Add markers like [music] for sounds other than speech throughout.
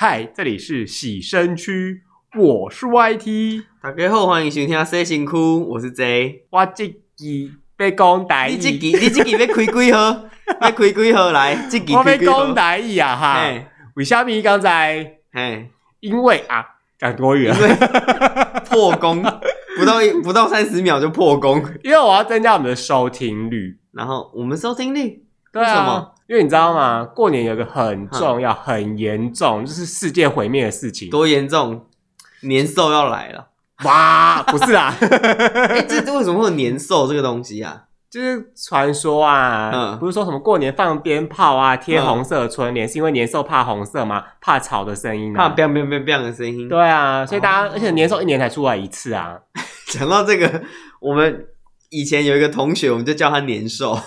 嗨，這裡是洗身區，我是 YT。大家好，歡迎收聽洗身區，我是 Jay。我自己要講台語，你自己你自己要開幾號， [laughs] 要開幾號來，自己要講台語伊啊哈。為啥咪剛才。哎，因為啊，講多遠？破功， [laughs] 不到不到三十秒就破功， [laughs] 因為我要增加我們的收聽率，然後我們收聽率。對啊什麼，因為你知道嗎？過年有個很重要、很嚴重，就是世界毀滅的事情。多嚴重？年獸要來了！哇，不是啊！哎、 [laughs] 欸，這這為什麼會有年獸這個東西啊？就是傳說啊，嗯，不是說什麼過年放鞭炮啊、貼紅色的春聯，是因為年獸怕紅色嘛，怕吵的聲音、啊，怕“嘣嘣嘣嘣”的聲音。對啊，所以大家、哦、而且年獸一年才出來一次啊。講到這個，我們以前有一個同學，我們就叫他年獸。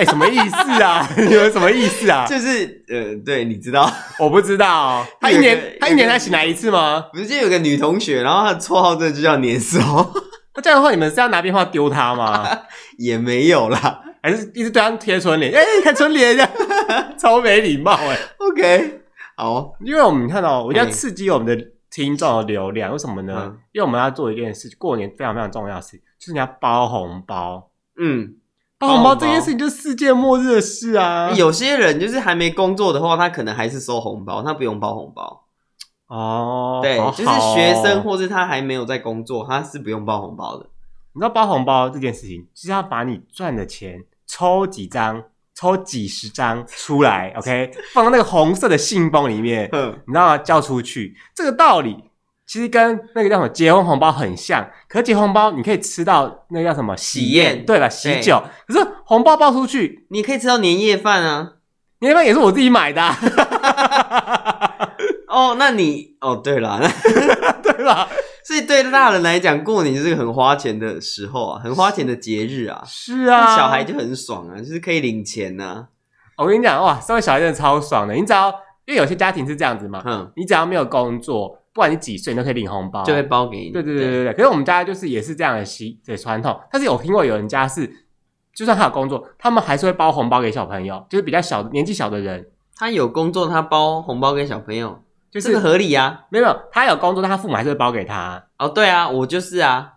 哎、欸，什麼意思啊？有 [laughs] 什麼意思啊？就是，呃，對，你知道，我不知道、喔。他一年、這個個，他一年才醒來一次嗎？這個這個、不是，天、這個、有個女同學，然後她綽號這就叫年獸。那 [laughs] 這樣的話，你們是要拿鞭炮丟她嗎、啊？也沒有啦，還是一直對她貼春聯。哎、欸，看春聯這樣， [laughs] 超沒禮貌哎、欸。OK，好、哦，因為我們看到，我們要刺激我們的聽眾的流量，okay. 為什麼呢、嗯？因為我們要做一件事，過年非常非常重要的事情，就是你要包紅包。嗯。包紅包這件事情就是世界末日的事啊！有些人就是還沒工作的話，他可能還是收紅包，他不用包紅包哦。對好好，就是學生或是他還沒有在工作，他是不用包紅包的。你知道包紅包這件事情就是要把你賺的錢抽幾張、抽幾十張出來 [laughs] ，OK，放到那個紅色的信封裡面， [laughs] 你知道嗎叫出去這個道理。其實跟那個叫什麼結婚紅包很像，可是結婚紅包你可以吃到那個叫什麼喜宴，對吧，喜酒。可是紅包包出去，你可以吃到年夜飯啊，年夜飯也是我自己買的，啊。 [laughs] [laughs] 哦，那你哦，對了，那 [laughs] 對了，所以對大人來講，過年就是個很花錢的時候啊，很花錢的節日啊。是，是啊，小孩就很爽啊，就是可以領錢吶，啊哦。我跟你講哇，身為小孩真的超爽的。你只要因為有些家庭是這樣子嘛，嗯，你只要沒有工作。不管你幾歲，你都可以領紅包，就會包給你。對對對對對，對，對。可是我們家就是也是這樣的習的傳統，但是有聽過有人家是，就算他有工作，他們還是會包紅包給小朋友，就是比較小年紀小的人。他有工作，他包紅包給小朋友，就是、這個、合理啊。沒有，他有工作，但他父母還是會包給他。哦，對啊，我就是啊。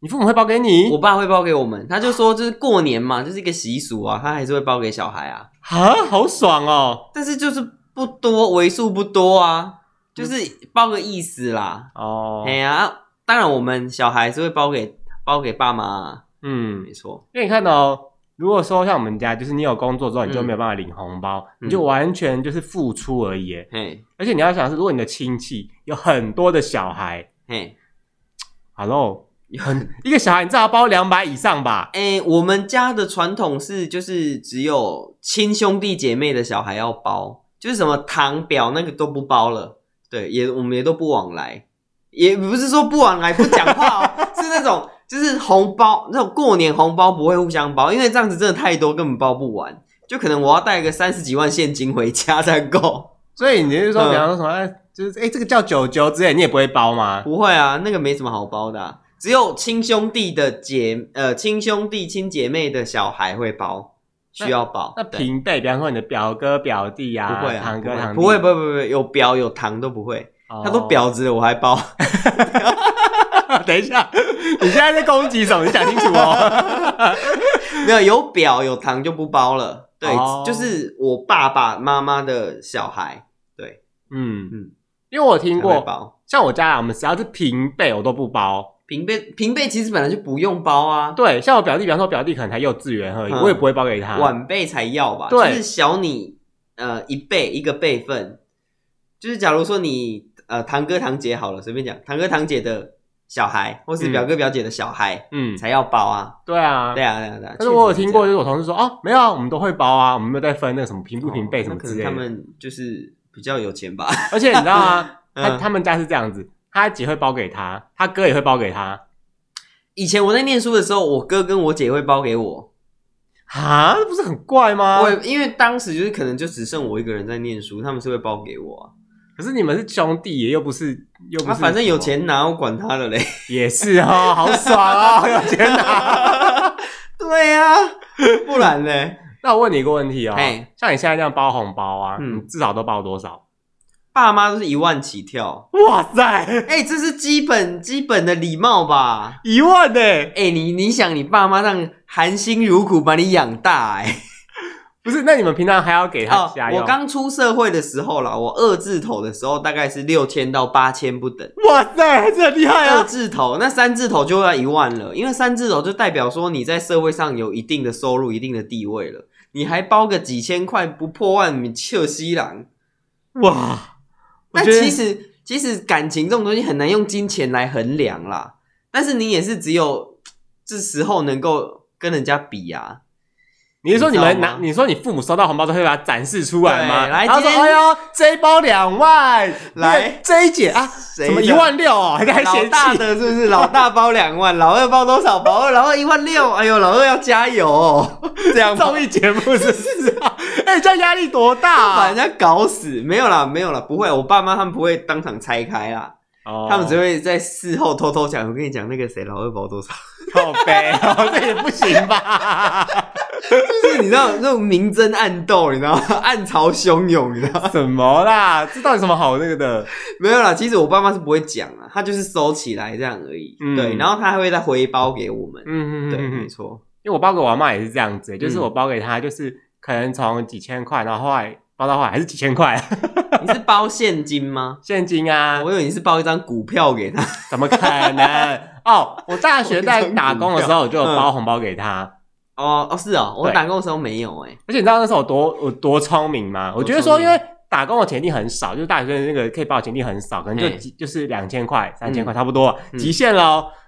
你父母會包給你？我爸會包給我們。他就說，就是過年嘛，就是一個習俗啊，他還是會包給小孩啊。哈，好爽哦！但是就是不多，為數不多啊。就是包個意思啦。哦，哎呀、啊，當然我們小孩是會包給包給爸媽、啊。嗯，沒錯。因為你看到、喔，如果說像我們家，就是你有工作之後，你就沒有辦法領紅包，嗯、你就完全就是付出而已。哎、嗯，而且你要想是，如果你的親戚有很多的小孩，嘿。Hello，有很一個小孩，你至少包兩百以上吧？哎、欸，我們家的傳統是，就是只有親兄弟姐妹的小孩要包，就是什麼堂表那個都不包了。對，也我們也都不往來，也不是說不往來不講話、哦， [laughs] 是那種就是紅包，那種過年紅包不會互相包，因為這樣子真的太多，根本包不完，就可能我要帶個三十幾萬現金回家才夠。所以你是說，比、嗯、方說什麼，哎、就是哎，這個叫舅舅之類，你也不會包嗎？不會啊，那個沒什麼好包的、啊，只有親兄弟的姐呃，親兄弟親姐妹的小孩會包。需要包那，那平輩，比方說你的表哥表弟呀、啊，不會、啊、堂哥不會，堂弟不會，不會，不會，有表有堂都不會，oh. 他都婊子，我還包。 [laughs] [laughs] [laughs] 等一下，你現在在攻擊什麼？你想清楚哦。 [laughs] [laughs] 沒有，有表有堂就不包了。對，oh. 就是我爸爸媽媽的小孩。對，嗯嗯，因為我聽過包，像我家我們只要是平輩，我都不包。平輩平輩其實本來就不用包啊，對，像我表弟，比方說我表弟可能才幼稚園而已，我也不會包給他。晚輩才要吧？對，就是小你呃一輩一個輩分，就是假如說你呃堂哥堂姐好了，隨便講，堂哥堂姐的小孩，或是表哥表姐的小孩，嗯，才要包啊。嗯、對啊，對啊，對啊，對啊，對啊。但是我有聽過，就是我同事說，哦、啊，沒有啊，我們都會包啊，我們沒有在分那個什麼平不平輩什麼之類、哦、可是他們就是比較有錢吧。而且你知道嗎、啊 [laughs] 嗯嗯？他他們家是這樣子。他姐會包給他，他哥也會包給他。以前我在唸書的時候，我哥跟我姐也會包給我。啊，那不是很怪嗎？我因為當時就是可能就只剩我一個人在唸書，他們是會包給我、啊。可是你們是兄弟耶，又不是，又不是，他反正有錢拿，我管他了嘞。也是哈、哦，好爽啊、哦，有錢拿。 [laughs] [laughs] 對呀、啊，不然呢？那我問你一個問題哦，像你現在這樣包紅包啊，嗯、你至少都包多少？爸媽都是一萬起跳，哇塞！哎、欸，這是基本基本的禮貌吧？一萬呢、欸？哎、欸，你你想，你爸媽讓含辛茹苦把你養大、欸，哎，不是？那你們平常還要給他下、哦、我剛出社會的時候啦，我二字頭的時候大概是六千到八千不等。哇塞，這很厲害啊！二字頭，那三字頭就要一萬了，因為三字頭就代表說你在社會上有一定的收入、一定的地位了。你還包個幾千塊不破萬，你切西郎？哇！那其實，其實感情這種東西很難用金錢來衡量啦。但是你也是只有這時候能夠跟人家比呀、啊。你說你們拿你？你說你父母收到紅包都會把它展示出來嗎？來，然後說今天：“哎呦，這一包兩萬，來這一姐啊，怎麼一萬六啊、哦？你還，還嫌棄老大的是不是？老大包兩萬， [laughs] 老二包多少？包二老二一萬六，哎呦，老二要加油！哦！這樣綜藝節目是不是啊， [laughs] 哎，這壓力多大、啊，把人家搞死？沒有啦，沒有啦，不會，我爸媽他們不會當場拆開啦。” Oh. 他們只會在事後偷偷講，我跟你講那個誰老二包多少，好悲哦，這也不行吧？就 [laughs] [laughs] 是你知道那種明爭暗鬥，你知道，暗，你知道暗潮洶湧，你知道什麼啦？這到底什麼好那個的？ [laughs] 沒有啦，其實我爸媽是不會講啊，他就是收起來這樣而已、嗯。對，然後他還會再回包給我們。嗯嗯對，沒錯。因為我包給我阿嬤也是這樣子，就是我包給他，就是可能從幾千塊，然後後來。包的話還是幾千塊， [laughs] 你是包現金嗎？現金啊，我以為你是包一張股票給他，怎麼可能？ [laughs] 哦，我大學在打工的時候我就有包紅包給他。哦、嗯、哦，是哦，我打工的時候沒有誒、欸、而且你知道那時候我多我多聰明嗎聰明？我覺得說，因為打工的錢力很少，就是大學生那個可以包的錢力很少，可能就就是兩千塊、三千塊差不多極限嘍。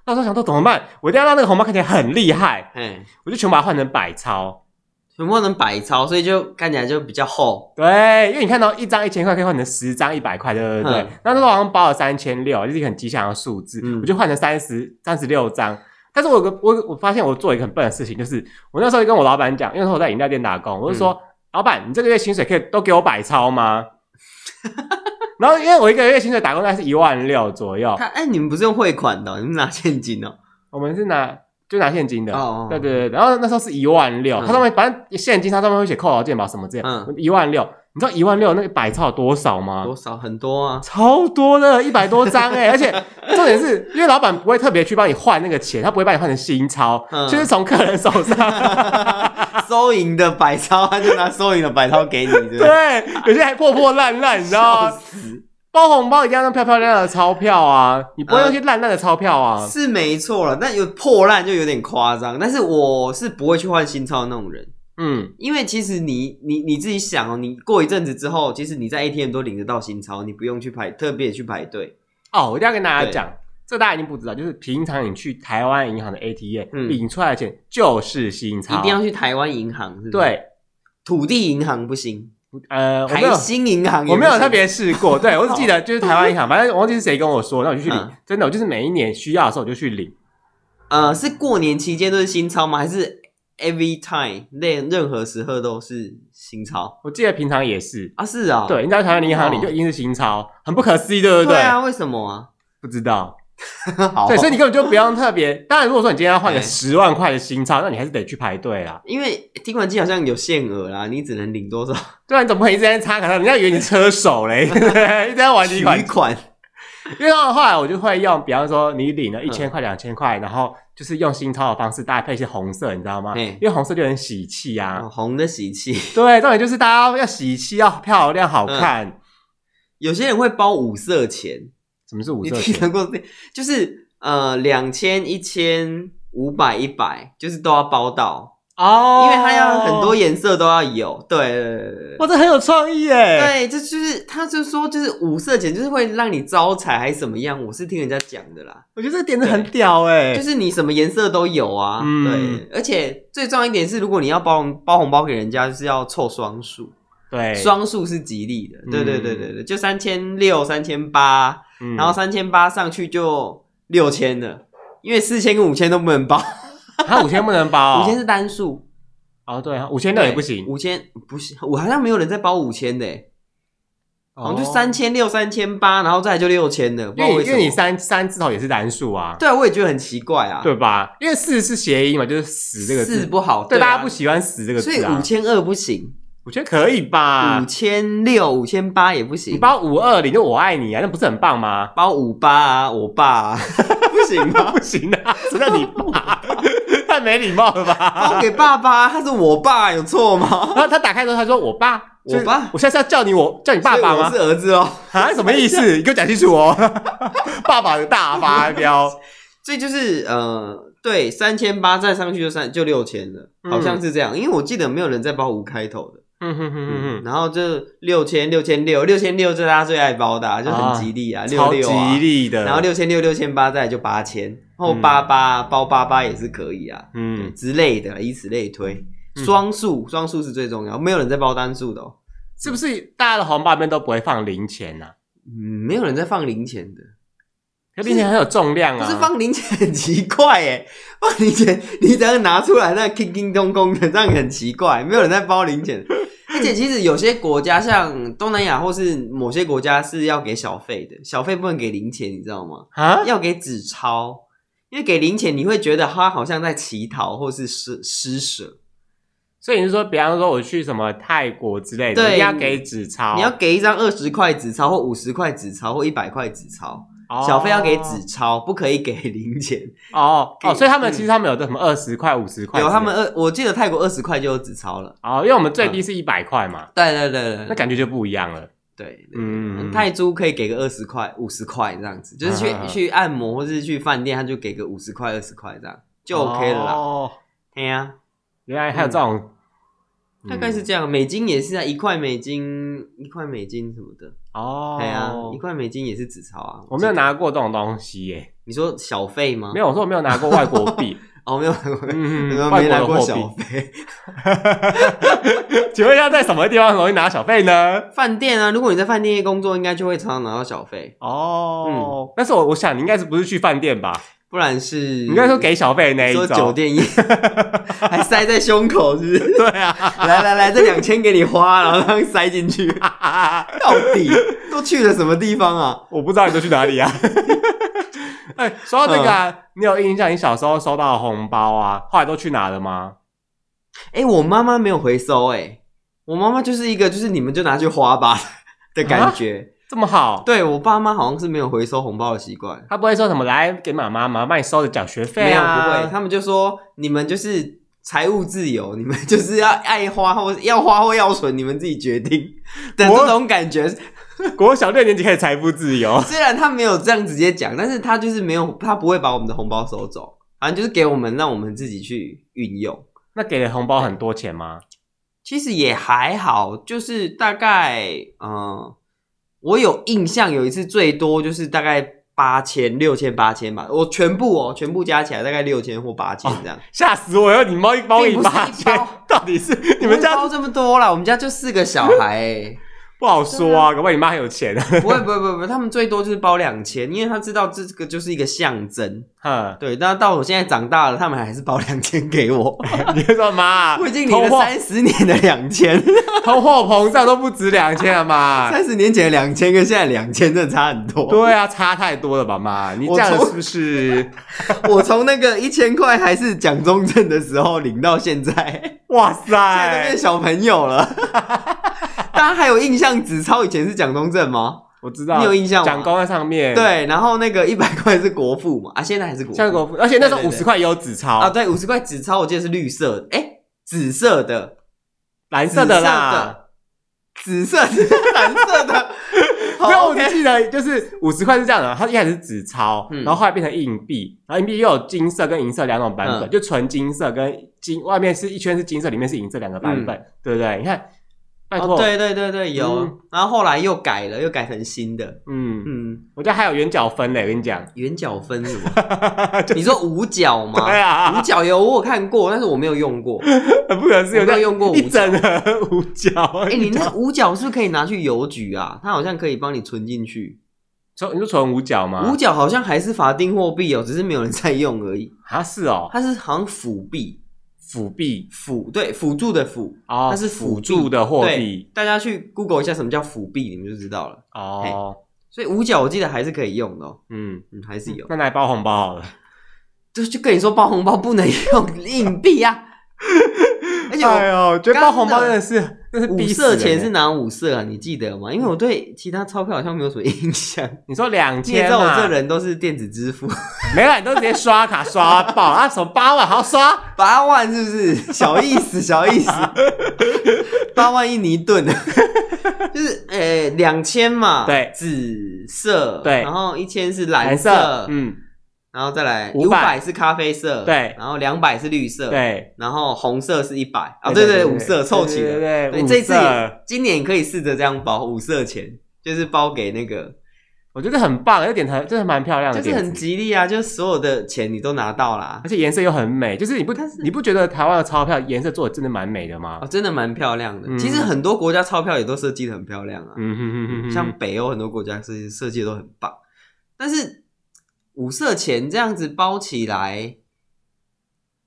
那、嗯、時候想說怎麼辦？我一定要讓那個紅包看起來很厲害。嗯，我就全部把它換成百鈔。怎麼能百鈔？所以就看起來就比較厚。對，因為你看到一張一千塊可以換成十張一百塊，對不對？那時候好像包了三千六，就是一個很吉祥的數字，嗯，我就換成三十三十六張。但是我有個我我發現我做一個很笨的事情，就是我那時候就跟我老闆講，因為我在飲料店打工，我就說、嗯、老闆，你這個月薪水可以都給我百鈔嗎？ [laughs] 然後因為我一個月薪水打工大概是一萬六左右他。哎，你們不是用匯款的、哦，你們拿現金哦。我們是拿。就拿現金的，對對對，然後那時候是一萬六、嗯，他上面反正現金，他上面會寫扣勞健保什麼這樣，一、嗯、萬六，你知道一萬六那個百鈔有多少嗎？多少很多啊，超多的，一百多張誒、欸、 [laughs] 而且重點是因為老板不會特別去幫你換那個錢，他不會幫你換成新鈔，嗯、就是從客人手上，嗯、 [laughs] 收銀的百鈔他就拿收銀的百鈔給你對對，對，有些還破破爛爛， [laughs] 你知道嗎？包紅包一定要用漂漂亮亮的鈔票啊，你不用去爛爛的鈔票啊，嗯、是沒錯了。那有破爛就有點誇張。但是我是不會去換新鈔的那種人，嗯，因為其實你你你自己想哦，你過一陣子之後，其實你在 ATM 都領得到新鈔，你不用去排特別去排隊。哦，我一定要跟大家講，這大家已經不知道，就是平常你去台灣銀行的 ATM 領、嗯、出來的錢就是新鈔，一定要去台灣銀行是不是？是對，土地銀行不行。呃，台新銀行我沒有特別試過， [laughs] 對我只記得就是台灣銀行， [laughs] 反正我忘記是誰跟我說，讓我就去領、嗯。真的，我就是每一年需要的時候我就去領。呃，是過年期間都是新鈔嗎？還是 every time 任何時候都是新鈔？我記得平常也是啊，是啊、喔，對，應該在台灣銀行領就一定是新鈔，很不可思議，對不對？對啊，為什麼啊？不知道。 [laughs] 好哦，對，所以你根本就不用特別。當然，如果說你今天要換個十萬塊的新鈔，那你還是得去排隊啦。因為提款機好像有限額啦，你只能領多少。對啊，你怎麼可以一直擦卡？人家以為你車手嘞， [laughs] [laughs] 一直玩提款，款。因為後來我就會用，比方說你領了一千塊、兩千塊，然後就是用新鈔的方式搭配一些紅色，你知道嗎？嗯，因為紅色就很喜氣啊，紅的喜氣。對，重點就是大家要喜氣，要漂亮、好看、嗯。有些人會包五色錢。什麼是五色錢？你聽過的就是呃，兩千一千五百一百，2000, 1500, 100, 就是都要包到哦，因為它要很多顏色都要有。對，哇，這很有創意誒。對，這就是他就說就是五色錢就是會讓你招財還是怎麼樣？我是聽人家講的啦。我覺得這個點子很屌誒。就是你什麼顏色都有啊。嗯。對，而且最重要一點是，如果你要包紅包紅包給人家，就是要湊雙數。對，雙數是吉利的。對對對對對、嗯，就三千六、三千八，然後三千八上去就六千了、嗯。因為四千跟五千都不能包，他五千不能包、哦，五千是單數。哦，對啊，五千六也不行，五千不行。我好像沒有人在包五千的、哦，好像就三千六、三千八，然後再來就六千了。因為，為因為你三三字頭也是單數啊。對啊，我也覺得很奇怪啊，對吧？因為四是諧音嘛，就是死這個字四不好，對、啊、對大家不喜歡死這個字、啊，所以五千二不行。我覺得可以吧，五千六、五千八也不行。你包五二零，就我愛你啊，那不是很棒嗎？包五八，啊，我爸、啊、 [laughs] 不行嗎？ [laughs] 不行的、啊，誰讓你爸？太 [laughs] 沒禮貌了吧？包給爸爸，他是我爸，有錯嗎？然後他打開之後，他說：“我爸，我，爸，我現在是要叫你我叫你爸爸嗎？”我是兒子哦，啊，什麼意思？ [laughs] 你給我講清楚哦！爸爸的大發飆，所以就是呃，對，三千八再上去就三就六千了、嗯，好像是這樣，因為我記得沒有人在包五開頭的。 [noise] 嗯哼哼哼哼，然後就六千六千六六千六，是大家最愛包的、啊，就很吉利啊，六、啊、六、啊、吉利的，然後六千六六千八再來就八千，然後八八、嗯、包八八也是可以啊，嗯之類的，以此類推，嗯、雙數雙數是最重要，沒有人在包單數的，哦，是不是？大家的紅包裡面都不會放零錢、啊、嗯沒有人在放零錢的。並且很有重量啊！可是放零錢很奇怪耶。放零錢你只要拿出來，那叮叮咚咚的，這樣很奇怪。沒有人在包零錢， [laughs] 而且其實有些國家，像東南亞或是某些國家，是要給小費的。小費不能給零錢，你知道嗎？啊，要給紙鈔，因為給零錢你會覺得他好像在乞討或是施施捨。所以你是說，比方說我去什麼泰國之類的，對，要給紙鈔，你要給一張二十塊紙鈔，或五十塊紙鈔，或一百塊紙鈔。Oh, 小費要給紙鈔，不可以給零錢哦、oh, 哦，所以他們其實他們有的什麼二十塊、五十塊。有他們二，我記得泰國二十塊就有紙鈔了哦，oh, 因為我們最低是一百塊嘛。對對對對，那感覺就不一樣了。對,對,對，嗯，泰銖可以給個二十塊、五十塊這樣子，就是去、嗯、去按摩或是去飯店，他就給個五十塊、二十塊這樣就 OK 了啦。哦，對呀、啊，原來還有這種、嗯嗯，大概是這樣。美金也是啊，一塊美金、一塊美金什麼的。哦、oh,，對啊，一塊美金也是紙鈔啊，我沒有拿過這種東西耶、欸。你說小費嗎？沒有，我說我沒有拿過外國幣 [laughs] 哦，沒、哦、有，沒有拿過,、嗯、外國幣拿過小費。 [laughs] [laughs] 請問一下，在什麼地方容易拿小費呢？飯店啊，如果你在飯店工作，應該就會常常拿到小費哦、嗯。但是我我想，你應該是不是去飯店吧？不然是，應該說給小費那一種，說酒店業還塞在胸口，是不是？ [laughs] 對啊， [laughs] 來來來，這兩千給你花，然後塞進去， [laughs] 到底都去了什麼地方啊？我不知道你都去哪裡啊？哎、 [laughs] 欸，說到這個、啊嗯，你有印象你小時候收到的紅包啊，後來都去哪了嗎？哎、欸，我媽媽沒有回收、欸，哎，我媽媽就是一個就是你們就拿去花吧的感覺。啊這麼好，對我爸媽好像是沒有回收紅包的習慣，他不會說什麼來給媽媽媽幫你收的繳學費，沒有、啊，不會，他們就說你們就是財務自由，你們就是要愛花或要花或要存，你們自己決定，這種感覺， [laughs] 國小六年級開始財富自由，雖然他沒有這樣直接講，但是他就是沒有，他不會把我們的紅包收走，反，啊，正就是給我們，讓我們自己去運用。那給了紅包很多錢嗎？其實也還好，就是大概嗯。呃我有印象，有一次最多就是大概八千、六千、八千吧。我全部哦，全部加起來大概六千或八千這樣，哦、嚇死我了！你貓一貓一八千，到底是你們家都這麼多啦？我們家就四個小孩、欸。 [laughs] 不好說啊，啊可不可你媽有錢。不會，不會，不會，他們最多就是包兩千，因為他知道這個就是一個象徵。哈，對，但到我現在長大了，他們還是包兩千給我。 [laughs] 你說媽，我已經領了三十年的兩千，通貨膨脹都不止兩千了嘛？三十年前的兩千跟現在兩千真的差很多。對啊，差太多了吧，媽？你這樣是不是？我從那個一千塊還是蔣中正的時候領到現在， [laughs] 哇塞，現在都變小朋友了。 [laughs] 大家還有印象，紙鈔以前是蔣中正嗎？我知道，你有印象嗎？蔣公在上面。對，然後那個一百塊是國父嘛。啊，現在還是國父，像國父，而且那時候五十塊也有紙鈔。啊。對，五十塊紙鈔我記得是綠色，哎、欸，紫色的，藍色的啦，紫色的是藍色的。 [laughs] 好沒有，我記得就是五十塊是這樣的、啊，它一開始是紙鈔、嗯，然後後來變成硬幣，然後硬幣又有金色跟銀色兩種版本，嗯、就純金色跟金外面是一圈是金色，裡面是銀色兩個版本、嗯，對不對？你看。哦，對對對對，有、嗯，然後後來又改了，又改成新的。嗯嗯，我覺得還有圓角分呢。我跟你講，圓角分是吧、 [laughs] 就是？你說五角嗎？對啊，五角有我有看過，但是我沒有用過。很不可能是有，你沒有用過五角，整五角。哎、欸，你那五角是不是可以拿去郵局啊？它好像可以幫你存進去，存你就存五角嗎？五角好像還是法定貨幣哦，只是沒有人在用而已。它是哦，它是好像輔幣。輔幣輔對輔助的輔，oh, 它是輔助的貨幣。大家去 Google 一下什麼叫輔幣，你們就知道了。哦、oh.，所以五角我記得還是可以用的、哦。嗯嗯，還是有、嗯。那來包紅包好了，就就跟你說包紅包不能用硬幣 [laughs] 蔽啊。 [laughs] 而且我，哎呦，覺得包紅包真的是。五色錢是哪五色啊？你記得嗎？因為我對其他鈔票好像沒有什麼印象。嗯、你說兩千嘛？你知道我這人都是電子支付，沒有，你都直接刷卡刷爆 [laughs] 啊！什麼八萬？好刷八萬，是不是？小意思，小意思，八 [laughs] 萬印尼盾，就是誒，兩、欸、千嘛，對，紫色，色對，然後一千是藍色，嗯。然後再來五百是咖啡色，對，然後兩百是綠色，對，然後紅色是一百啊，對對五色湊齊了。對,對,對,對,對這次，五色。今年可以試着這樣包五色錢，就是包給那個，我覺得很棒，有點台，真的蠻漂亮的，就是很吉利啊，就是所有的錢你都拿到啦，而且顏色又很美，就是你不，你不覺得台灣的鈔票顏色做的真的蠻美的嗎？哦、真的蠻漂亮的、嗯。其實很多國家鈔票也都設計的很漂亮啊嗯哼嗯哼嗯哼，像北歐很多國家設計設計都很棒，嗯哼嗯哼但是。五色錢這樣子包起來，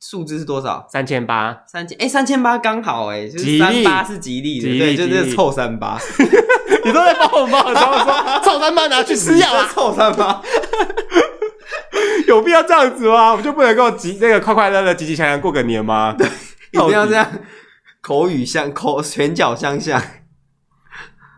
數字是多少？三千八，三千哎、欸，三千八剛好哎，就是，三八是吉利的，對、對，就，就是臭三八。 [laughs] [laughs] 你都在幫我包，幫我包， [laughs] 臭三八拿去吃藥了。臭三八， [laughs] 有必要這樣子嗎？我們就不能夠吉那個快快樂樂、吉吉祥祥過個年嗎？對， [laughs] 一定要這樣。口語相口，拳腳相向。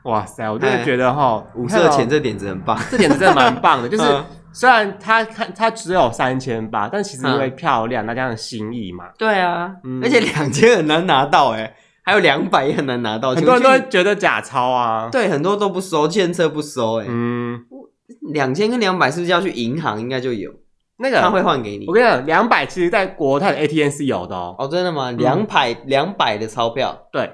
哇塞，我真的覺得哈、哎、五色錢這點子很棒， [laughs] [laughs] 這點子真的蠻棒的，就是。 [laughs] 嗯雖然它看它只有三千八，但其實因為漂亮，大家的心意嘛。對啊，嗯、而且兩千很難拿到哎、欸，還有兩百也很難拿到，很多人都會覺得假鈔啊。對，很多都不收，欠鈔不收哎、欸。嗯，兩千跟兩百是不是要去銀行應該就有那個他會換給你？我跟你講，兩百其實在國泰的 ATM 是有的哦、喔。哦，真的嗎？兩百兩百的鈔票？對。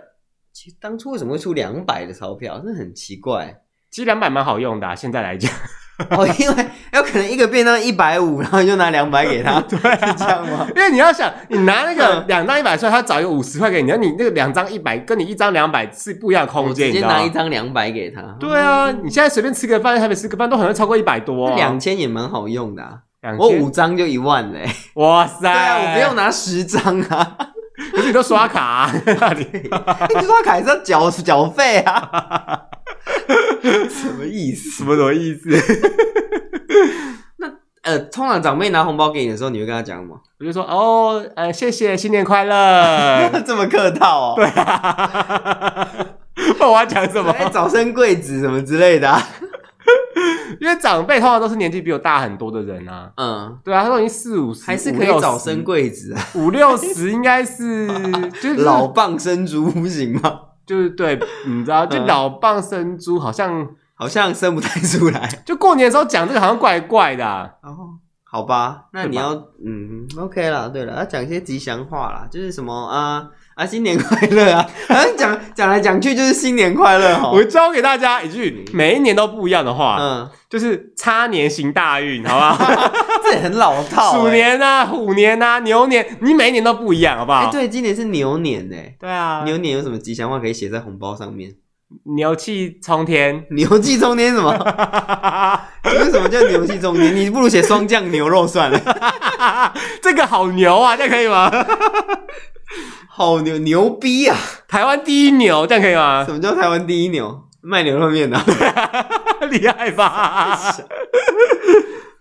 其實當初為什麼會出兩百的鈔票？真的很奇怪、欸。其實兩百蠻好用的、啊，現在來講。 [laughs] 哦，因為有可能一個便當一百五，然後你就拿兩百給他， [laughs] 對、啊，這樣嗎？因為你要想，你拿那個兩張一百出來，他找一個五十塊給你，那你那個兩張一百跟你一張兩百是不一樣的空間，你知直接拿一張兩百給他、啊，對啊，你現在隨便吃個飯，台北吃個飯都好像超過一百多、哦，這兩千也蠻好用的、啊，我五張就一萬嘞、欸，哇塞，對啊，我不用拿十張啊，可是你都刷卡啊，啊 [laughs] 哪裡、 [laughs] 欸、刷卡還是要繳繳費啊。 [laughs] 什麼意思？什麼什麼意思？ [laughs] 那呃，通常長輩拿紅包給你的時候，你會跟他講什麼？我就說哦，呃，謝謝，新年快樂， [laughs] 這麼客套哦。對啊， [laughs] [laughs] 我要講什麼？欸、早生貴子什麼之類的、啊。 [laughs] 因為長輩通常都是年紀比我大很多的人啊。嗯，對啊，他都已經四五十、十還是可以早生貴子啊，啊五六十應該是、就是、 [laughs] 老蚌生珠，不行嗎？就是對，你知道，就老蚌生珠，好、嗯、像好像生不太出來。就過年的時候講這個，好像怪怪的、啊。然、哦、後好吧，那你要嗯，OK 了。對了、嗯 okay，要講一些吉祥話啦，就是什麼啊。呃啊，新年快樂啊！講講來講去就是新年快樂哈。我教給大家一句每一年都不一樣的話，嗯，就是差年行大運，好不好？ [laughs] 這也很老套、欸。鼠年啊，虎年啊，牛年，你每一年都不一樣，好不好？哎、欸，對，今年是牛年哎、欸。對啊，牛年有什麼吉祥話可以寫在紅包上面？牛氣沖天，牛氣沖天什麼？為 [laughs] 什麼叫牛氣沖天？你不如寫霜降牛肉算了。 [laughs] 這個好牛啊，這樣可以嗎？好牛牛逼啊！台灣第一牛，這樣可以嗎？什麼叫台灣第一牛？賣牛肉麵的、啊，厲 [laughs] 害吧？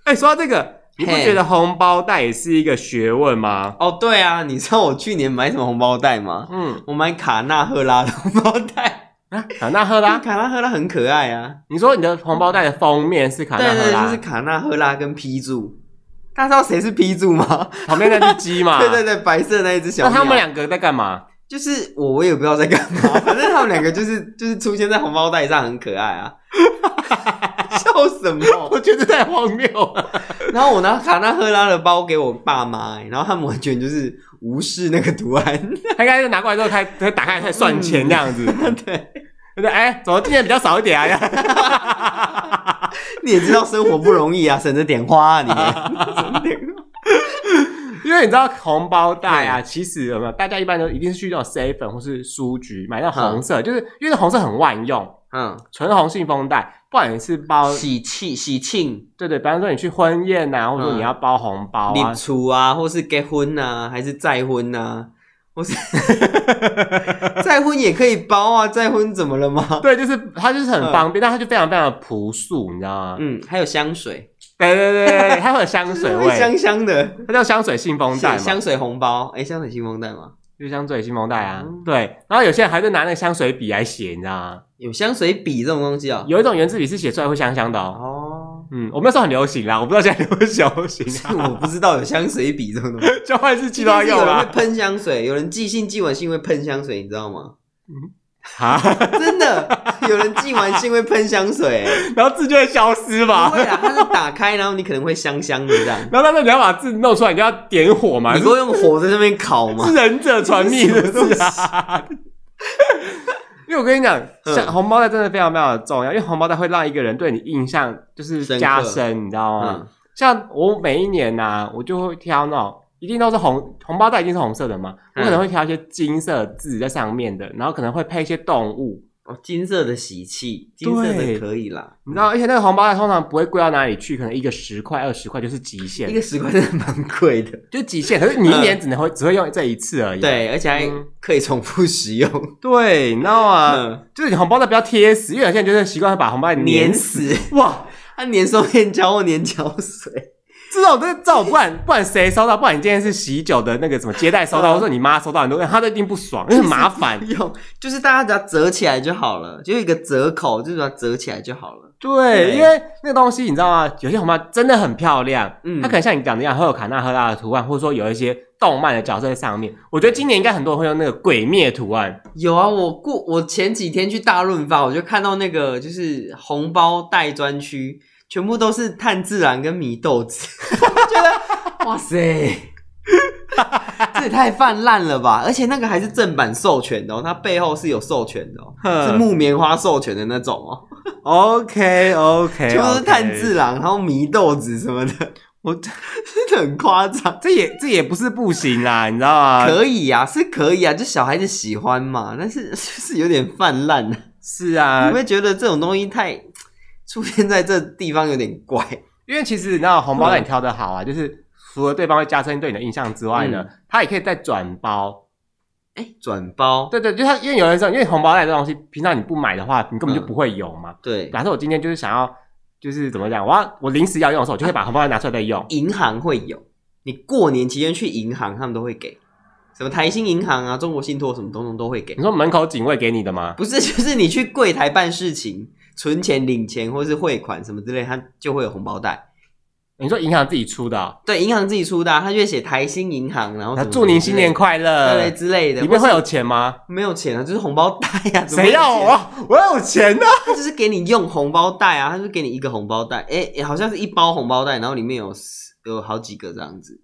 哎、欸，說到這個，你不覺得紅包袋也是一個學問嗎？哦、hey. oh,，對啊，你知道我去年買什麼紅包袋嗎？嗯，我買卡納赫拉的紅包袋啊，卡納赫拉，卡納赫拉很可愛啊。你說你的紅包袋的封面是卡納赫拉，對對對，這是卡納赫拉跟 P 助。大家知道誰是 P 助嗎？旁邊那隻雞嘛？ [laughs] 對對對，白色那一隻小。那他們兩個在幹嘛？就是我，我也不知道在幹嘛。 [laughs] 反正他們兩個就是，就是出現在紅包袋上，很可愛啊！笑，， [laughs] 笑什麼？ [laughs] 我覺得太荒謬。 [laughs] 然後我拿卡納赫拉的包給我爸媽、欸，然後他們完全就是無視那個圖案。 [laughs] 他剛才就拿過來之後他，他他打開他算錢這樣子，嗯、 [laughs] 對。哎、欸，怎麼今天比較少一點啊？ [laughs] [laughs] 你也知道生活不容易啊， [laughs] 省着點花啊，你。省 [laughs] [laughs] 因為你知道紅包袋啊，啊，其實有沒有？大家一般都一定是去那種 Seven 或是書局買那紅色，嗯、就是因為紅色很萬用。嗯，純紅信封袋，不管你是包喜氣、喜慶，慶對，對對，比方說你去婚宴吶、啊，或者說你要包紅包、啊、你、嗯、出啊，或是結婚吶、啊，還是再婚吶、啊。我 [laughs] 是再婚也可以包啊，再婚怎麼了嗎？對，就是它就是很方便，嗯、但它就非常非常樸素，你知道嗎？嗯，還有香水，對對對，它 [laughs] 會有香水味，就是、會香香的，它叫香水信封袋嘛，香、香水紅包，哎、欸，香水信封袋嘛，就是香水信封袋啊、嗯，對，然後有些人還會拿那個香水筆來寫，你知道嗎？有香水筆這種東西啊，有一種原子筆是寫出來會香香的哦。哦嗯，我們那時候很流行啦，我不知道現在有沒有流行、行，啊。是我不知道有香水筆這種東西。交 [laughs] 換是其他藥啦。有人噴香水， [laughs] 有人寄信寄完信會噴香水，你知道嗎？啊、嗯，哈 [laughs] 真的有人寄完信會噴香水，欸，然後字就會消失吧。對啊，它是打開，然後你可能會香香的這樣。 [laughs] 然後他們你要把字弄出來，你就要點火嘛，你說用火在上面烤嘛， [laughs] 是忍者傳秘的字 [laughs] 因為我跟你講，像紅包袋真的非常非常的重要，因為紅包袋會讓一個人對你印象就是加深，深，深，你知道嗎？嗯、像我每一年吶、啊，我就會挑那種，一定都是紅，紅包袋一定是紅色的嘛、嗯，我可能會挑一些金色字在上面的，然後可能會配一些動物。哦，金色的喜氣，金色的可以啦。你知道，嗯、而且那個紅包袋通常不會貴到哪裡去，可能一個十塊、二十塊就是極限。一個十塊真的蠻貴的，就極限。可是你一年只能會、呃、只會用這一次而已。對，而且還可以重複使用。嗯、對，你知道啊，就是你紅包袋不要貼死，因為我現在就是習慣把紅包袋粘死，死。哇，它粘雙面膠或粘膠水。這種都這種，不然不然誰收到？不然你今天是喜酒的那個什麼接待收到？ [laughs] 或者說你媽收到，很多，他都一定不爽，因為很麻煩，就是。有，就是大家只要折起來就好了，就有一個折口，就是折起來就好了。對，對，因為那個東西你知道嗎？有些紅包真的很漂亮，嗯，它可能像你講的一樣，會有卡納赫拉的圖案，或者說有一些動漫的角色在上面。我覺得今年應該很多人會用那個《鬼滅》圖案。有啊，我過我前幾天去大潤發，我就看到那個就是紅包袋專區。全部都是炭治郎跟禰豆子， [laughs] 我 [laughs] [laughs] 覺得哇塞， [laughs] 這也太泛濫了吧！而且那個還是正版授權的、哦，它背後是有授權的、哦， [laughs] 是木棉花授權的那種哦。 [laughs] OK OK，就、okay. 是炭治郎，然後禰豆子什麼的，我真的很誇張。這也這也不是不行啦，你知道嗎？ [laughs] 可以啊，是可以啊，就小孩子喜歡嘛。但是是，是有點泛濫，是啊，你會覺得這種東西太。出現在這地方有點怪，因為其實你知道紅包袋挑的好啊，就是除了對方會加深對你的印象之外呢，他、嗯、也可以再轉包。哎，轉包？對對，就是他，因為有人說，因為紅包袋這東西，平常你不買的話，你根本就不會有嘛。嗯、對，假設我今天就是想要，就是怎麼講，我要我臨時要用的時候，我就會把紅包袋拿出來再用。銀行會有，你過年期間去銀行，他們都會給，什麼台新銀行啊、中國信托什麼，東東都會給。你說門口警衛給你的嗎？不是，就是你去櫃檯辦事情。存錢、領錢或者是匯款什麼之類，它就會有紅包袋。你說銀行自己出的啊？對，銀行自己出的啊，它就會寫台新銀行，然後祝您新年快樂之類的。裡面會有錢嗎？沒有錢啊，就是紅包袋啊。誰要我啊？我要有錢呢、啊。他就是給你用紅包袋啊，它就給你一個紅包袋，哎、欸欸，好像是一包紅包袋，然後裡面有有好幾個這樣子。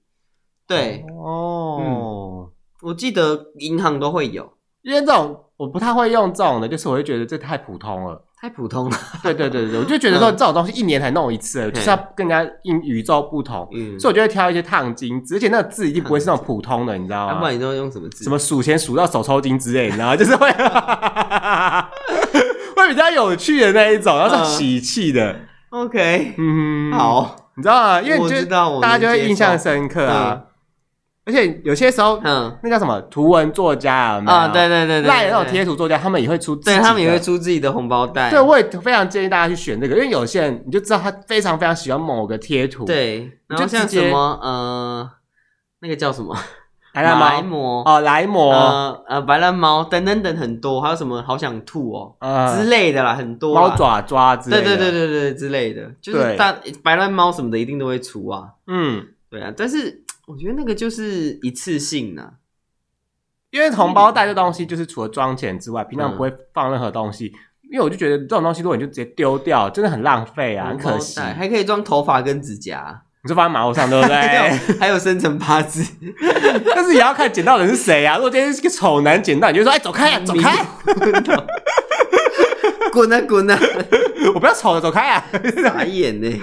對哦、嗯，我記得銀行都會有，因為這種我不太會用這種的，就是我會覺得這太普通了。太普通了， [laughs] 對對對對，我就覺得說這種東西一年才弄一次了，就是它更加因與眾不同，嗯，所以我就會挑一些燙金，之前那個字一定不會是那種普通的，你知道嗎？不管你用用什麼字？什麼數錢數到手抽筋之類， [laughs] 你知道嗎？就是會 [laughs] [laughs] 會比較有趣的那一種，然後是喜氣的、uh,，OK，嗯，好，你知道嗎？因為你我覺得大家就會印象深刻啊。而且有些時候，嗯，那叫什麼圖文作家有沒有啊？對對對對，賴那種貼圖作家對對對對，他們也會出，對他們也會出自己的紅包袋。對，我也非常建議大家去選這個，因為有些人你就知道他非常非常喜歡某個貼圖，對，然後像什麼呃，那個叫什麼魔、哦魔呃呃、白爛貓啊，萊魔呃呃白爛貓等等等很多，還有什麼好想兔哦、呃、之類的啦，很多貓爪爪之類的，對對對對對，對，對之類的，就是大白爛貓什麼的一定都會出啊。嗯，對啊，但是。我覺得那個就是一次性啊，因為紅包袋這東西就是除了裝錢之外，嗯，平常不會放任何東西，嗯。因為我就覺得這種東西如果你就直接丟掉，真的很浪費啊，很可惜。還可以裝頭髮跟指甲，你就放在馬路上， [laughs] 對不對？還有，還有生辰八字，但是也要看撿到的人是誰啊。如果今天是個醜男撿到，你就說：“哎，欸，走開啊，走開、啊，滾 [laughs] 啊滾啊！”我不要醜的，走開啊，難演呢。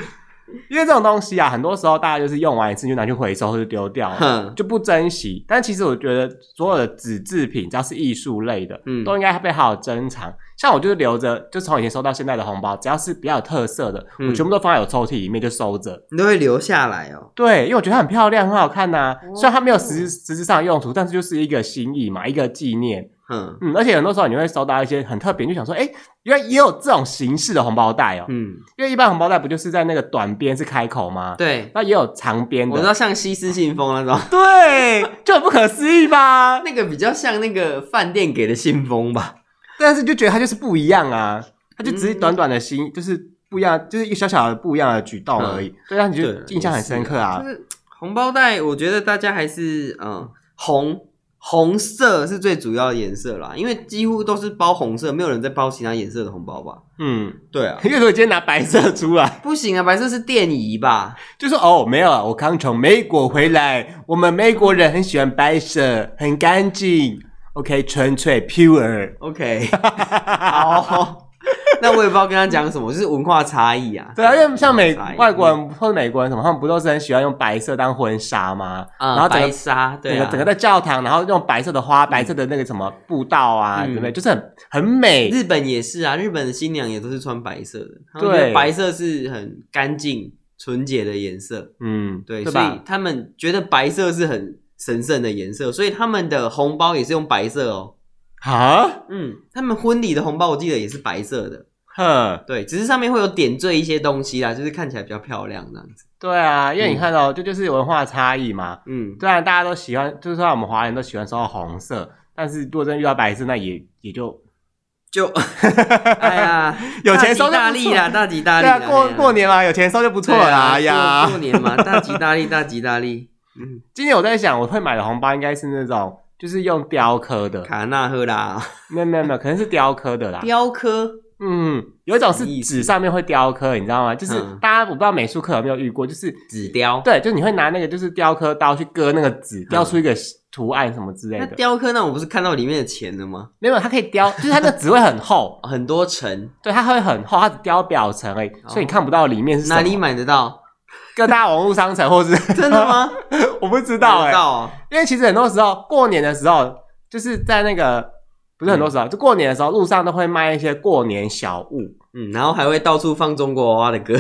因為這種東西啊，很多時候大家就是用完一次就拿去回收就丟掉了，就不珍惜。但其實我覺得所有的紙製品，只要是藝術類的，嗯，都應該被好好珍藏。像我就是留着，就從以前收到現在的紅包，只要是比較有特色的，嗯、我全部都放在我抽屜裡面就收着。你都會留下來哦？對，因為我覺得它很漂亮，很好看吶、啊。雖然它沒有實實質上的用途，但是就是一個心意嘛，一個紀念。嗯嗯，而且很多時候你會收到一些很特別，就想說，哎、欸，原來也有這種形式的紅包袋哦、喔。嗯，因為一般紅包袋不就是在那個短邊是開口嗎？對，那也有長邊的。我知道，像西式信封那種。 [laughs] 對，就很不可思議吧？ [laughs] 那個比較像那個飯店給的信封吧，但是就覺得它就是不一樣啊，它就只是短短的信、嗯，就是不一樣，就是一小小的不一樣的舉動而已。嗯、對啊，你就是、印象很深刻啊。就是紅包袋，我覺得大家還是嗯紅。紅色是最主要的顏色啦，因為幾乎都是包紅色，沒有人在包其他顏色的紅包吧？嗯，對啊，因為我今天拿白色出來。不，不行啊，白色是奠儀吧？就說哦，沒有啊，我剛從美國回來，我們美國人很喜歡白色，很乾淨，OK，純粹 pure，OK，好。Pure okay. [laughs] [laughs] oh. [laughs] 那我也不知道跟他講什麼、嗯，就是文化差異啊。對啊，因為像美外國人、嗯、或者美國人什麼，他們不都是很喜歡用白色當婚紗嗎？啊、嗯，白紗，對、啊、整，個整個在教堂，然後用白色的花、嗯、白色的那個什麼布道啊，對、嗯、不對？就是很很美。日本也是啊，日本的新娘也都是穿白色的，他們覺得白色是很乾淨、純潔的顏色。嗯，對，對所以他們覺得白色是很神聖的顏色，所以他們的紅包也是用白色哦。啊，嗯，他們婚禮的紅包我記得也是白色的，呵，對，只是上面會有點綴一些東西啦，就是看起來比較漂亮這樣子。對啊，因為你看到，嗯、就就是文化差異嘛，嗯，雖然、啊、大家都喜歡，就是說我們華人都喜歡收到紅色，但是如果真遇到白色，那也也就就， [laughs] 哎呀，有錢收大大利啦，大吉大利對、啊，過過年嘛，有錢收就不錯啦，啊、哎呀過，過年嘛，大吉大利，大吉大利，嗯，今天我在想，我會買的紅包應該是那種。就是用雕刻的。卡娜赫拉，沒有沒有沒有，可能是雕刻的啦。雕刻，嗯，有一種是紙上面會雕刻，你知道嗎？就是大家我不知道美術課有沒有遇過，就是紙雕。對，就你會拿那個就是雕刻刀去割那個紙，雕出一個圖案什麼之類的。嗯、雕刻那我不是看到裡面的錢了嗎？沒有，沒有，它可以雕，就是它的紙會很厚， [laughs] 很多層。對，它會很厚，它只雕表層而已，所以你看不到裡面是什麼。哪裡買得到？各大網絡商城，或是真的嗎？ [laughs] 我不知道哎、欸哦，因為其實很多時候過年的時候，就是在那個不是很多時候、嗯，就過年的時候，路上都會賣一些過年小物，嗯，然後還會到處放中國娃娃的歌。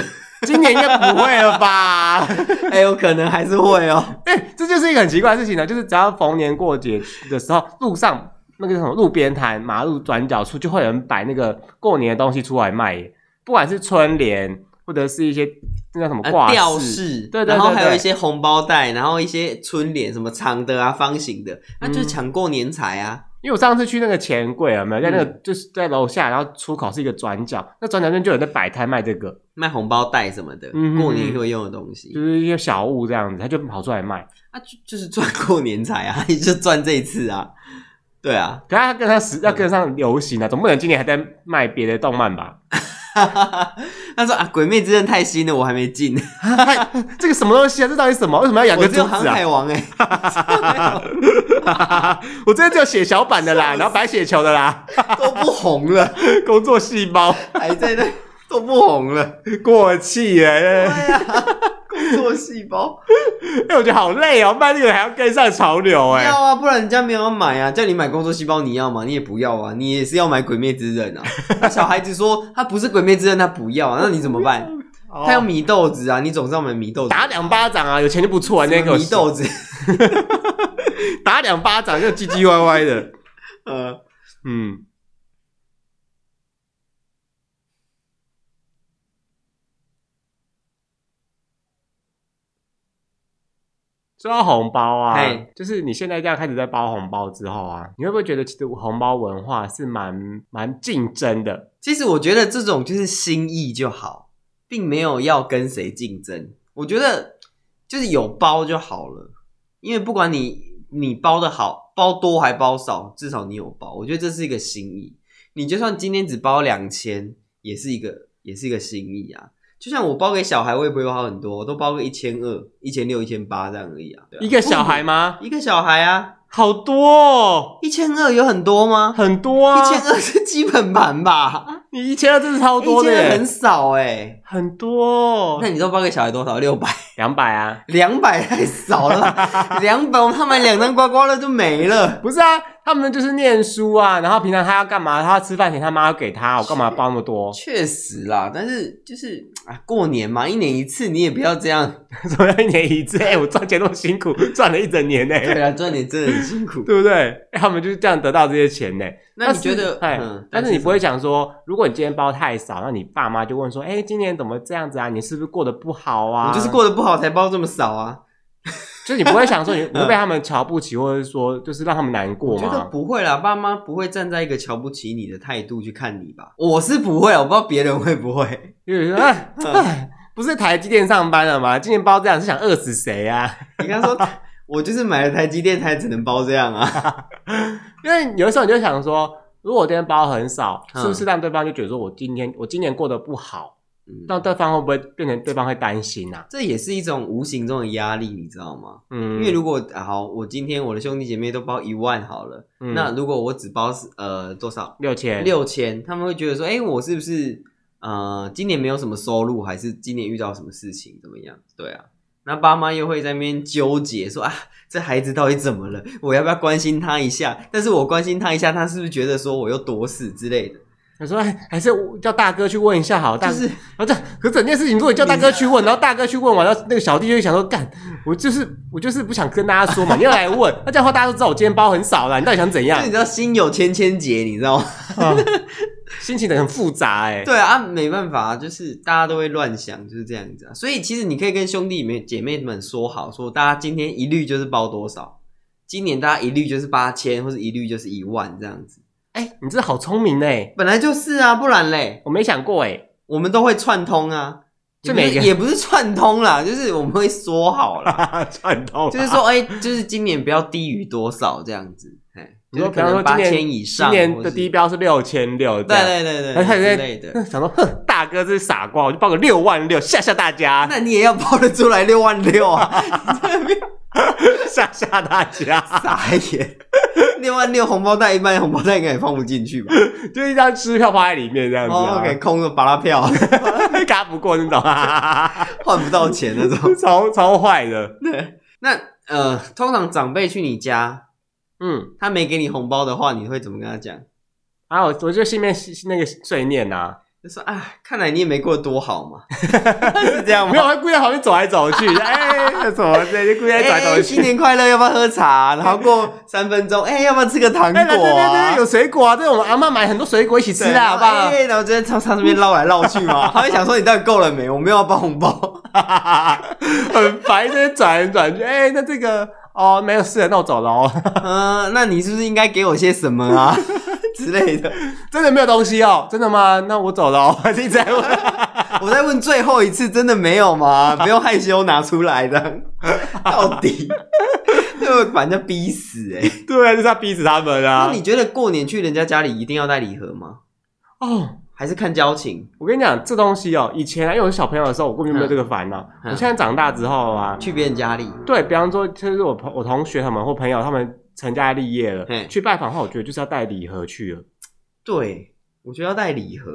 今年應該不會了吧？哎、 [laughs] 欸，有可能還是會哦。 [laughs] 對，這就是一個很奇怪的事情呢，就是只要逢年過節的時候，路上那個什麼路邊攤、馬路轉角處，就會有人擺那個過年的東西出來賣，不管是春聯。或者是一些那叫什麼掛飾、呃，吊飾。對對，對，對，然後還有一些紅包袋，然後一些春聯，什麼長的啊、方形的，嗯、那就是搶過年財啊。因為我上次去那個錢櫃啊，有沒有、嗯、在那個就是在樓下，然後出口是一個轉角，那轉角那就有在擺攤賣這個賣紅包袋什麼的、嗯，過年會用的東西，就是一些小物這樣子，他就跑出來賣，啊，就、就是賺過年財啊，就賺這一次啊，對啊，可是他跟他時要跟他上流行啊、嗯，總不能今年還在賣別的動漫吧。嗯 [laughs] [laughs] 他說啊，《鬼滅之刃太新了，我還沒進。 [laughs] 這個什麼東西啊？這到底什麼？為什麼要養個這樣子、啊？我這邊只有航海王哎、欸。 [laughs] [laughs] [laughs] [laughs] [laughs] 我這邊只有血小板的啦，然後白血球的啦， [laughs] 都不紅了， [laughs] 工作細細胞 [laughs] 還在那，都不紅了， [laughs] 過氣耶。 [laughs] 工作細胞，哎、欸，我覺得好累哦、喔，賣力了還要跟上潮流、欸，哎，要啊，不然人家沒有要買啊，叫你買工作細胞你要嗎？你也不要啊，你也是要買鬼滅之刃啊。 [laughs] 那小孩子說他不是鬼滅之刃，他不要啊，那你怎麼辦？ [laughs] 哦、他要米豆子啊，你總是要買米豆子，打兩巴掌啊，有錢就不錯啊，那個米豆子， [laughs] [laughs] 打兩巴掌就唧唧歪歪的， [laughs] 呃，嗯。說到紅包啊，Hey, 就是你現在這樣開始在包紅包之後啊，你會不會覺得其實紅包文化是蠻蠻競爭的？其實我覺得這種就是心意就好，並沒有要跟誰競爭。我覺得就是有包就好了，因為不管你你包的好包多還包少，至少你有包，我覺得這是一個心意。你就算今天只包兩千，也是一個也是一個心意啊。就像我包給小孩，我也不會有好很多，我都包個一千二、一千六、一千八這樣而已啊，對啊。一個小孩嗎、哦？一個小孩啊，好多哦！一千二有很多嗎？很多啊！一千二是基本盤吧？啊、你一千二真的超多的。欸、很少哎、欸，很多。那你都包給小孩多少？六百？兩百啊？兩百太少了，兩百，我怕買兩張刮刮樂就沒了。 [laughs] 不是啊，他們就是念書啊，然後平常他要幹嘛？他要吃飯錢，他媽要給他，我幹嘛包那麼多？確實啦，但是就是。啊，過年嘛，一年一次，你也不要這樣，怎 [laughs] 麼一年一次，哎、欸，我賺錢那麼辛苦，賺了一整年呢。 [laughs] 對啊，賺你真的很辛苦， [laughs] 對不對？欸，他們就是這樣得到這些錢呢。那你覺得？但是、嗯但是，你，不嗯、你，但是你不會想說，如果你今天包太少，那你爸媽就問說：“哎、欸，今年怎麼這樣子啊？你是不是過得不好啊？”你就是過得不好才包這麼少啊。 [laughs] 就你不會想說你你會被他們瞧不起， [laughs] 或者是說就是讓他們難過嗎？我覺得不會啦，爸媽不會站在一個瞧不起你的態度去看你吧？我是不會，我不知道別人會不會。就是說、啊 [laughs] 啊，不是台積電上班了嗎？今年包這樣是想餓死誰啊？你剛說， [laughs] 我就是買了台積電才只能包這樣啊？ [laughs] [laughs] 因為有的時候你就想說，如果我今天包很少，是不是讓對方就覺得說我今天我今年過得不好？到對方會不會變成對方會擔心啊？這也是一種無形中的壓力，你知道嗎？嗯，因為如果、啊、好，我今天我的兄弟姐妹都包一萬好了、嗯，那如果我只包呃多少？六千，六千，他們會覺得說，哎，我是不是呃今年沒有什麼收入，還是今年遇到什麼事情，怎麼樣？對啊，那爸媽又會在那邊糾結說啊，這孩子到底怎麼了？我要不要關心他一下？但是我關心他一下，他是不是覺得說我又躲死之類的？他說：“還是叫大哥去問一下好，但、就是啊，這可整件事情如果你叫大哥，大哥去問，然後大哥去問完，然後那個小弟就想說，幹，我就是我就是不想跟大家說嘛，你要來問，那、 [laughs] 啊、這樣的話大家都知道我今天包很少了，你到底想怎樣？你知道心有千千結，你知道嗎？哦、 [laughs] 心情很複雜哎、欸。對啊，沒辦法、啊，就是大家都會亂想，就是這樣子、啊。所以其實你可以跟兄弟們姐妹們說好，說大家今天一律就是包多少，今年大家一律就是八千，或者一律就是一萬這樣子。”你這好聰明嘞、欸，本來就是啊，不然嘞，我沒想過哎、欸，我們都會串通啊，就沒也不是串通啦。就是我們會說好了 [laughs] 串通啦，就是說哎、欸，就是今年不要低於多少這樣子，哎，比如說八千以上，今年的低標是六千六，對對對對，對，對有點想說，哼，大哥這是傻瓜，我就報個六萬六嚇嚇大家， [laughs] 那你也要報得出來六萬六啊。 [laughs] [laughs] 嚇嚇大家，傻一點。六萬六，紅包袋，一般紅包袋應該也放不進去吧？ [laughs] 就一張支票放在裡面這樣子、啊、o、oh, 給、okay, 空的，拔拉票，還 [laughs] 卡 [laughs] 不過你、啊，懂 [laughs] 換不到錢那種，超超壞的。對那呃，通常長輩去你家，嗯，他沒給你紅包的話，你會怎麼跟他講？啊，我我就心裡面是那個碎念吶、啊。就說啊，看來你也沒過多好嘛， [laughs] 就是這樣嗎？ [laughs] 沒有，他故意好旁邊走來走去，哎、 [laughs] 欸，什麼對故意走來走去，就故意在轉走去。新年快樂，要不要喝茶、啊？然後過三分鐘，哎、 [laughs] 欸，要不要吃個糖果、啊？對對對，對，有水果啊，對我們阿嬤買很多水果一起吃啊，好不好？然後就在他他那邊繞來繞去嘛，他 [laughs] 就想說你到底夠了沒？我沒有要包紅包， [laughs] 很白在轉、就是、來轉去。哎、欸，那這個哦，沒有事那我走了。嗯、 [laughs] 呃，那你是不是應該給我些什麼啊？ [laughs] 之類的，真的沒有東西哦，真的嗎？那我走了，哦，一直在問， [laughs] 我在問最後一次，真的沒有嗎？ [laughs] 不用害羞，拿出來的，到底，就反正逼死哎，對，就是要逼死他們啊！那你覺得過年去人家家裡一定要帶禮盒嗎？哦，還是看交情。我跟你講，這東西哦，以前因為我小朋友的時候，我根本沒有這個煩惱。我現在長大之後啊，去別人家裡，對、嗯，比方說，就是我朋我同學他們或朋友他們。成家立業了，去拜訪的話，我覺得就是要帶禮盒去了。對，我覺得要帶禮盒。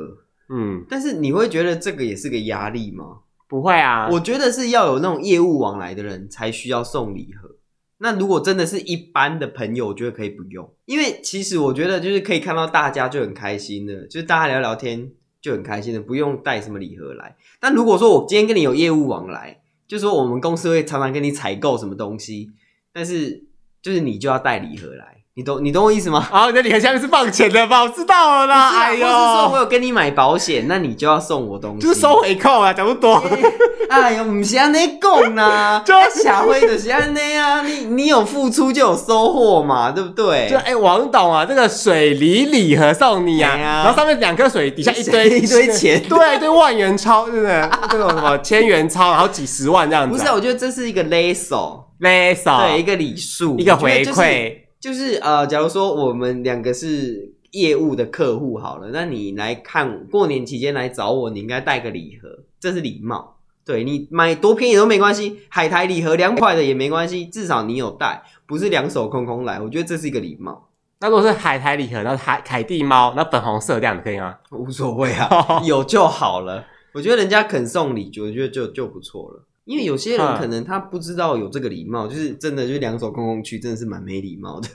嗯，但是你會覺得這個也是個壓力嗎？不會啊，我覺得是要有那種業務往來的人才需要送禮盒。那如果真的是一般的朋友，我覺得可以不用，因為其實我覺得就是可以看到大家就很開心的，就是大家聊聊天就很開心的，不用帶什麼禮盒來。但如果說我今天跟你有業務往來，就說我們公司會常常跟你採購什麼東西，但是。就是你就要帶禮盒來，你懂你懂我意思嗎？啊，這禮盒下面是放錢的吧？ [laughs] 我知道了啦，哎呦，就是說我有跟你買保險， [laughs] 那你就要送我東西，就是收回扣啊，講不懂、欸、哎呦，不是安尼講就，是、就是這社會的是安尼啊，你你有付出就有收穫嘛，對不對？就哎、欸，王董啊，這個水梨禮盒送你啊，啊，然後上面兩顆水，底下一堆 [laughs] 一堆錢 [laughs] 對，對一堆萬元鈔，對不對這種什麼千元鈔，然後幾十萬這樣子、啊？不是、啊，我覺得這是一個 l 勒索。s o 對一個禮數，一個回饋，就是、就是、呃，假如說我們兩個是業務的客戶好了，那你來看過年期間來找我，你應該帶個禮盒，這是禮貌。對，你買多便宜都沒關係，海苔禮盒兩塊的也沒關係，至少你有帶，不是兩手空空來。我覺得這是一個禮貌。那如果是海苔禮盒，那海凱蒂貓，那粉紅色這樣可以嗎？無所謂啊，有就好了。 [laughs] 我覺得人家肯送禮，我覺得就就，就不錯了。因為有些人可能他不知道有這個禮貌，就是真的就是兩手，空空去，真的是蠻沒禮貌的。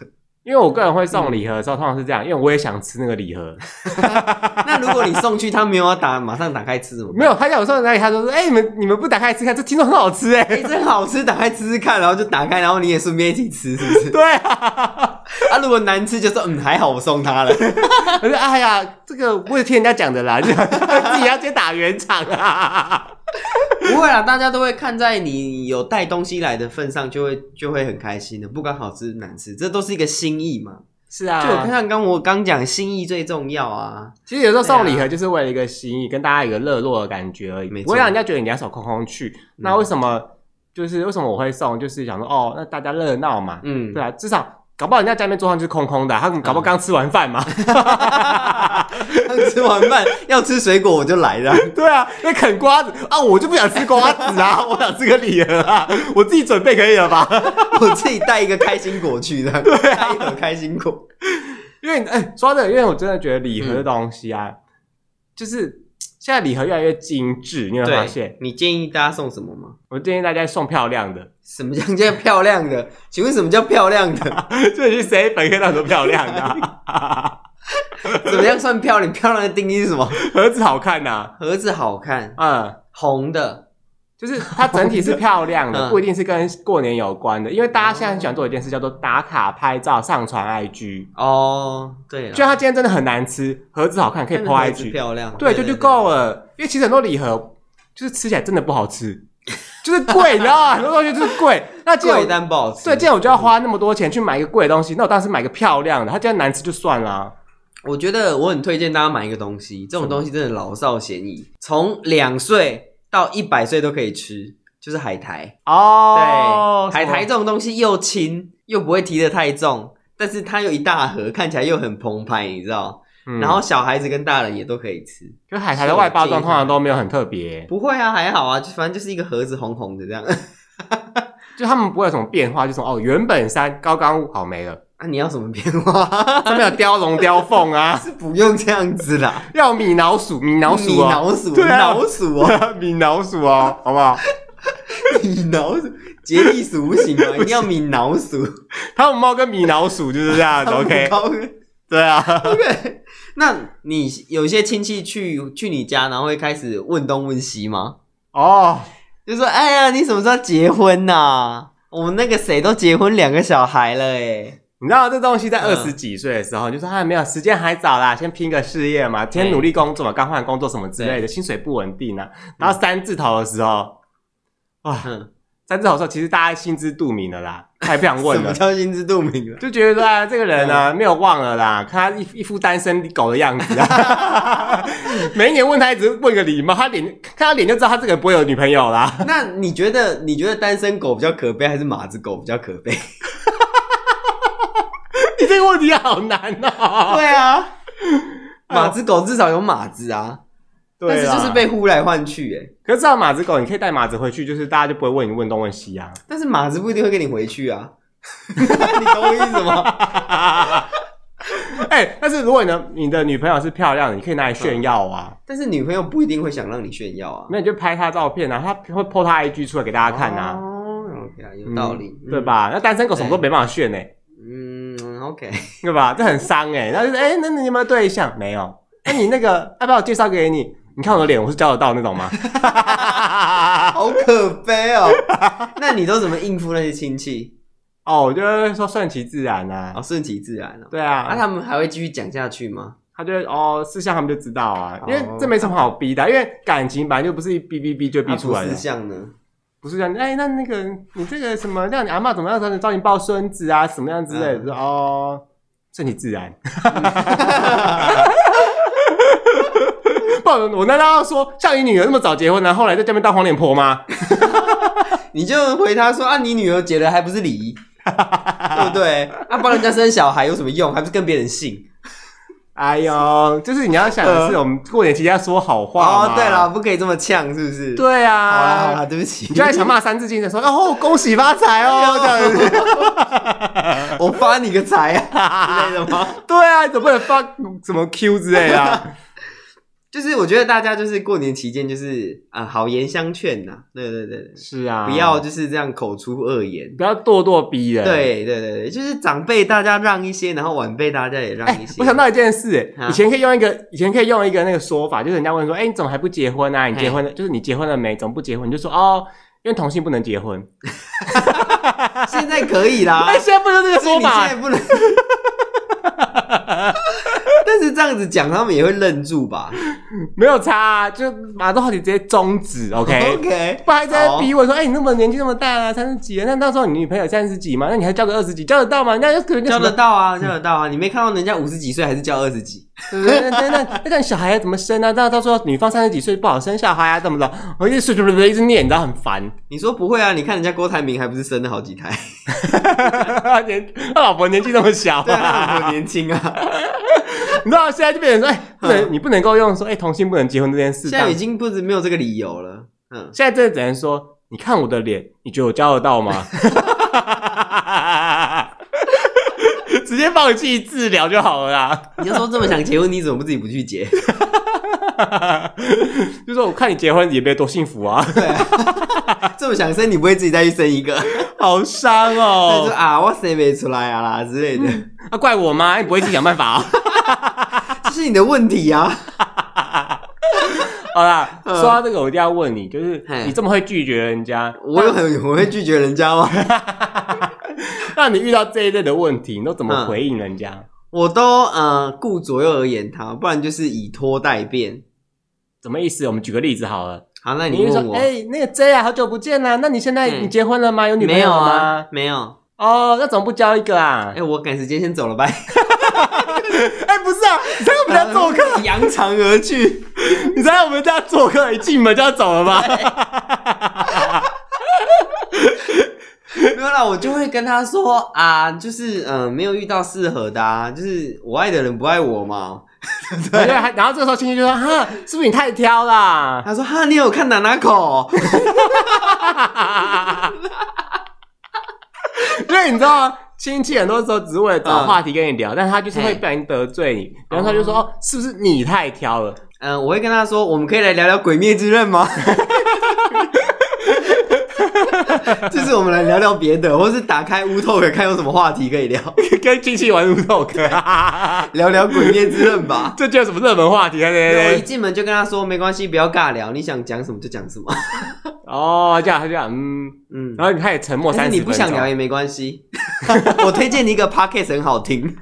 因為我個人會送禮盒的時候，通常是這樣、嗯，因為我也想吃那個禮盒。 [laughs] 那如果你送去他沒有要打， [laughs] 馬上打開吃麼沒有，他叫我送到那裡，他說，說：“哎、欸，你們你們不打開吃，吃看，這聽說很好吃哎，真好吃，打開吃吃看。”然後就打開，然後你也順便一起吃，是不是？ [laughs] 對啊, [laughs] 啊。如果難吃就說嗯還好，我送他了。我說：“哎呀，這個我也聽人家講的啦，你 [laughs] 要直接打圓場啊。” [laughs] 不會啦，大家都會看在你有帶東西來的份上，就會就會很開心的。不管好吃難吃，這都是一個心意嘛。是啊，就我看剛我剛講，心意最重要啊。其實有時候送禮盒就是為了一個心意、啊，跟大家一個熱絡的感覺而已沒錯。不會讓人家覺得你兩手空空去、嗯。那為什麼就是為什麼我會送就是想說哦，那大家熱鬧嘛。嗯，對啊，至少。搞不好人家家裡面桌上就是空空的，啊，他們搞不好剛吃完飯嘛，嗯、 [laughs] 他們吃完飯 [laughs] 要吃水果我就來了。 [laughs] 對啊，那啃瓜子啊，我就不想吃瓜子啊， [laughs] 我想吃個禮盒，啊。我自己準備可以了吧？ [laughs] 我自己帶一個開心果去的， [laughs] 對，啊，帶一盒開心果。因為誒說真的，因為我真的覺得禮盒的東西啊，嗯、就是。現在禮盒越來越精緻，你有沒有發現？你建議大家送什麼嗎？我建議大家送漂亮的。什麼叫漂亮的？ [laughs] 請問什麼叫漂亮的？這是誰本科那時漂亮的？怎麼這樣算漂亮？漂亮的定義是什麼？盒子好看吶、啊，盒子好看，啊、嗯，紅的。就是它整體是漂亮的、 [laughs] 嗯，不一定是跟過年有關的，因為大家現在很喜歡做一件事，叫做打卡拍照上傳 IG 哦，對。就算它今天真的很難吃，盒子好看可以拍 IG 漂亮，對，對，對，對，就就夠了。因為其實很多禮盒就是吃起來真的不好吃，就是貴了、啊， [laughs] 很多東西就是貴。那既然貴但不好吃，對，既然我就要花那麼多錢去買一個貴的東西，那我當時買個漂亮的，它既然難吃就算了、啊。我覺得我很推薦大家買一個東西，這種東西真的老少咸宜，從兩歲，到一百歲都可以吃，就是海苔哦。Oh, 對，海苔這種東西又輕，又不會提得太重，但是它有一大盒，看起來又很澎湃，你知道？嗯，然後小孩子跟大人也都可以吃。就海苔的外包裝通常都沒有很特別欸。不會啊，還好啊，就反正就是一個盒子，紅紅的這樣。 [laughs] 就他們不會有什麼變化，就說哦，原本三高剛好沒了。那、啊、你要什麼變化？他們有雕龍雕鳳啊？ [laughs] 是不用這樣子啦，要米老鼠，米老鼠啊、哦，米老鼠，對老、啊、鼠哦。米老鼠哦，好不好？米老腦鼠，傑利鼠不行嗎？一定要米老鼠？他有貓跟米老鼠，就是這樣子，這樣子，OK。對啊，OK。 [laughs] 那你有些親戚去去你家，然後會開始問東問西嗎？哦、oh，就說哎呀，你什麼時候要結婚吶、啊？我們那個誰都結婚兩個小孩了、欸，哎。你知道這東西在二十幾歲的時候，嗯、你就說他還、哎、沒有時間，還早啦，先拼個事業嘛，先努力工作嘛、嗯，剛換工作什麼之類的，薪水不穩定呢、啊。然後三字頭的時候，嗯、哇，三字頭的時候，其實大家心知肚明了啦，他也不想問了。什麼叫心知肚明、啊？了，就覺得啊，這個人啊，沒有忘了啦，看他一副一副單身狗的樣子啊。 [laughs] [laughs] 每一年問他，一直問個禮貌，他臉看他臉就知道他這個不會有女朋友啦。那你覺得你覺得單身狗比較可悲，還是馬子狗比較可悲？你這個問題好難吶、喔！對啊，馬子狗至少有馬子啊， [laughs] 對但是就是被呼來喚去哎、欸。可是，這樣馬子狗你可以帶馬子回去，就是大家就不會問你問東問西啊。但是馬子不一定會跟你回去啊， [laughs] 你懂我意思嗎？哎 [laughs] 對吧、 [laughs] 欸，但是如果你的你的女朋友是漂亮的，你可以拿來炫耀啊。但是女朋友不一定會想讓你炫耀啊，那你就拍她照片啊，她會 po 她 IG 出來給大家看啊。哦，OK 啊，有道理、嗯嗯，對吧？那單身狗什麼都沒辦法炫哎、欸。欸 OK， [laughs] 對吧？這很傷哎、欸。然後就是，哎、欸，那你有沒有對象？沒有。哎、欸，你那個要不要我介紹給你？你看我的臉，我是交得到那種嗎？ [laughs] [laughs] 好可悲哦、喔。那你都怎麼應付那些親戚？哦，我覺得說順其自然啊，哦，順其自然、啊。對啊。那、啊、他們還會繼續講下去嗎？他覺得哦，事項他們就知道啊，因為這沒什麼好逼的，因為感情本來就不是逼逼逼就逼出來的。事項呢？不是這樣，欸、那那個你這個什麼，讓你阿嬤怎麼樣？讓你找你抱孫子啊，什麼樣之類的？嗯、哦，順其自然。不 [laughs] [laughs] [laughs] [laughs] 我難道要說像你女兒那麼早結婚，然、啊、後來在家面當黃臉婆嗎？ [laughs] 你就回他說啊，你女兒結了還不是離， [laughs] 對不對？啊，幫人家生小孩有什麼用？還不是跟別人姓？哎呦，就是你要想的是我們過年期間要說好話、呃、哦。對了，不可以這麼嗆，是不是？對啊。哦、好啦好啦對不起。你就在想罵《三字經》的時候，哦，吼恭喜發財哦，哎、這樣子。 [laughs] 我發你個財啊！對哈對啊，你總不能發什麼 Q 之類啊？ [laughs] 就是我覺得大家就是過年期間就是啊，好言相勸吶、啊，對對對是啊，不要就是這樣口出惡言，不要咄咄逼人對。對對對，就是長輩大家讓一些，然後晚輩大家也讓一些。欸、我想到一件事，以前可以用一個、啊、以前可以用一個以前可以用一個那個說法，就是人家問說，哎、欸，你怎麼還不結婚啊？你結婚了就是你結婚了沒？怎麼不結婚？就說哦，因為同性不能結婚。 [laughs] [laughs] 現在可以啦，但現在不能這個說法，現在不能。 [laughs] 是這樣子講，他們也會愣住吧？沒有差、啊，就馬上話題直接終止。OK OK，不還在逼我說：“哎、oh. 欸，你那麼年紀那麼大、啊、了，三十幾，那到時候你女朋友三十幾嗎？那你還交個二十幾，交得到嗎？”人家能交得到啊、嗯，交得到啊！你沒看到人家五十幾歲還是交二十幾？真、嗯、的，那，那，那小孩怎麼生啊？那到時候女方三十幾歲不好生小孩啊？懂不懂？我一直一直念，你知道很煩。你說不會啊？你看人家郭台銘還不是生了好幾胎？ [laughs] 他老婆年紀那麼小，啊，對年輕啊。你知道現在就變成說，哎，不能，你不能夠、嗯、用說，哎、欸，同性不能結婚這件事。現在已經不是沒有這個理由了。嗯，現在真的只能說，你看我的臉，你覺得我交得到嗎？ [laughs] [laughs] 直接放棄治療就好了啦。你就說這麼想結婚，你怎麼不自己不去結？ [laughs] 就說我看你結婚也沒有多幸福啊。對啊， [laughs] 這麼想生，你不會自己再去生一個？好傷哦是就。啊，我生不出來啊啦之類的。那、嗯啊、怪我嗎？你不會自己想辦法、啊？ [laughs] [laughs] 這是你的問題呀、啊！ [laughs] 好啦，說到這個，我一定要問你，就是你這麼會拒絕人家， [laughs] 我有很會拒絕人家嗎？ [laughs] [laughs] 那你遇到這一類的問題，你都怎麼回應人家？ [laughs] 我都呃顧左右而言他，不然就是以拖待變。什麼意思？我們舉個例子好了。好，那你問我哎、欸，那個 J 啊，好久不見啦、啊，那你現在、嗯、你結婚了嗎？有女朋友嗎？沒有、啊？沒有。哦，那怎麼不交一個啊？哎、欸，我趕時間，先走了吧。 [laughs] 哎，不是啊，在我們家做客，揚、嗯、長而去。你知道我們家做客，一進門就要走了嗎？對 [laughs] [laughs] 沒有啦，我就會跟他說啊，就是嗯、呃，沒有遇到適合的啊，就是我愛的人不愛我嘛。 [laughs] 對，對，然後這個時候親戚就說：“哈，是不是你太挑啦？”他說：“哈，你有看哪哪口？”對， [laughs] [laughs] 你知道嗎？親戚很多時候只是為了找話題跟你聊，嗯、但他就是會不小心得罪你，欸、然後他就說、嗯哦：“是不是你太挑了？”嗯，我會跟他說：“我們可以來聊聊《鬼滅之刃》嗎？” [laughs] 這 [laughs] 次我們來聊聊別的，或是打開烏托克看有什麼話題可以聊，可以進去玩烏托克，聊聊鬼滅之刃吧。這叫什麼熱門話題啊呢？我一進門就跟他說沒關係，不要尬聊，你想講什麼就講什麼。 [laughs] 哦，這樣，這樣，嗯嗯。然後你開始沉默三十分鐘，但是你不想聊也沒關係。 [laughs] [laughs] [laughs] 我推薦你一個 Podcast 很好聽，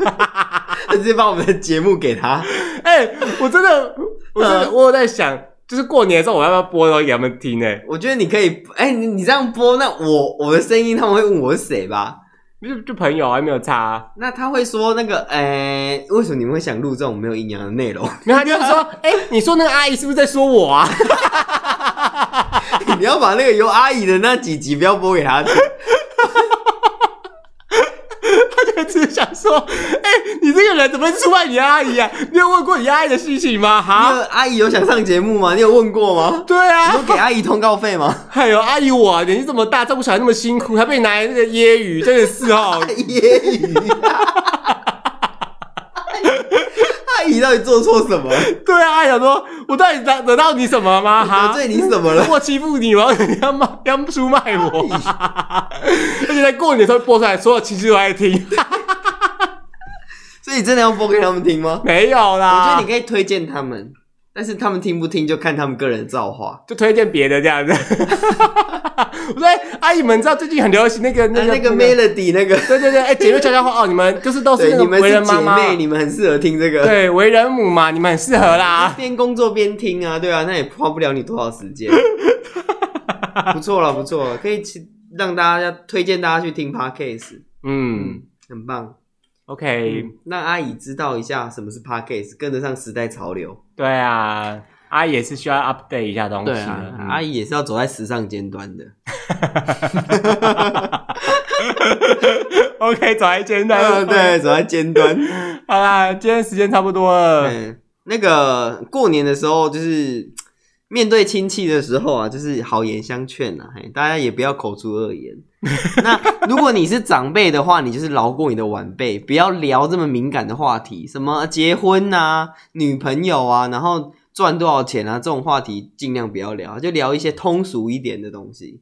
他 [laughs] [laughs] 直接把我們的節目給他。哎、欸，我真的，我真的，我有在想。嗯就是過年的時候，我要不要播然後給他們聽呢？我覺得你可以。哎、欸，你這樣播，那我我的聲音他們會問我是誰吧？就就朋友還沒有差、啊。那他會說那個，哎、欸，為什麼你們會想錄這種沒有營養的內容？那 [laughs] 他就說，哎、欸，你說那個阿姨是不是在說我啊？ [laughs] [laughs] 你要把那個有阿姨的那幾集不要播給他聽。只想說，哎、欸，你這個人怎麼是出賣你阿姨啊，你有問過你阿姨的事情嗎？哈你有，阿姨有想上節目嗎？你有問過嗎？對啊，你有給阿姨通告費嗎？ [laughs] 哎呦，阿姨我年紀這麼大，照顧小孩那麼辛苦，還被你拿來那個揶揄，真的是哦揶、啊、揄。 [laughs] [laughs] 阿姨到底做錯什麼？ [laughs] 對啊，阿姨想說，我到底惹惹到你什麼了嗎？哈，得罪你什麼了？我欺負你嗎？ [laughs] 你要賣要不出賣我、啊？ [laughs] 而且在過年的時候播出來，所有親戚都愛聽。哈哈哈哈所以你真的要播給他們聽嗎？沒有啦，我覺得你可以推薦他們。但是他們聽不聽就看他們個人的造化，就推薦別的這樣子。 [laughs] [laughs] 我、啊、說：“阿姨們，知道最近很流行那個那、啊、那個、那個那個、Melody 那個 [laughs] 對對對，哎姐妹悄悄話 [laughs] 哦，你們就是都是為人媽媽你們是姐妹，你們很適合聽這個。對，為人母嘛，你們很適合啦，嗯、邊工作邊聽啊，對啊，那也花不了你多少時間。 [laughs] 不錯了，不錯了，可以讓大家推薦大家去聽 podcast 嗯，很棒。” OK，、嗯、讓阿姨知道一下什麼是 Podcast，跟得上時代潮流。對啊，阿姨也是需要 update 一下東西，阿姨、啊啊嗯、也是要走在時尚尖端的。 [laughs] [laughs] OK，走在尖端、嗯，對，走在尖端。 [laughs] 好啦，今天時間差不多了。那個過年的時候，就是面對親戚的時候啊，就是好言相勸吶、啊，大家也不要口出惡言。 [laughs] [laughs] 那如果你是長輩的話，你就是饒過你的晚輩，不要聊這麼敏感的話題，什麼結婚啊、女朋友啊，然後賺多少錢啊這種話題盡量不要聊，就聊一些通俗一點的東西。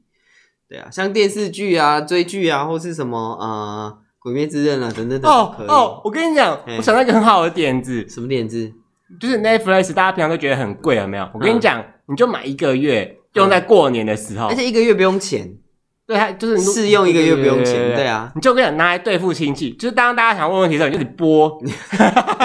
對啊，像電視劇啊、追劇啊，或是什麼、呃、滅啊《鬼滅之刃》啊等等等哦哦，oh, 可以 oh, 我跟你講、hey,，我想到一個很好的點子，什麼點子？就是 Netflix，大家平常都覺得很貴，啊。有沒有、嗯？我跟你講，你就買一個月，用在過年的時候，嗯、而且一個月不用錢。對，他就是試用一個月不用錢，對，對，對，對，對啊，你就可以拿來對付親戚。就是當大家想問問題的時候，你就得播，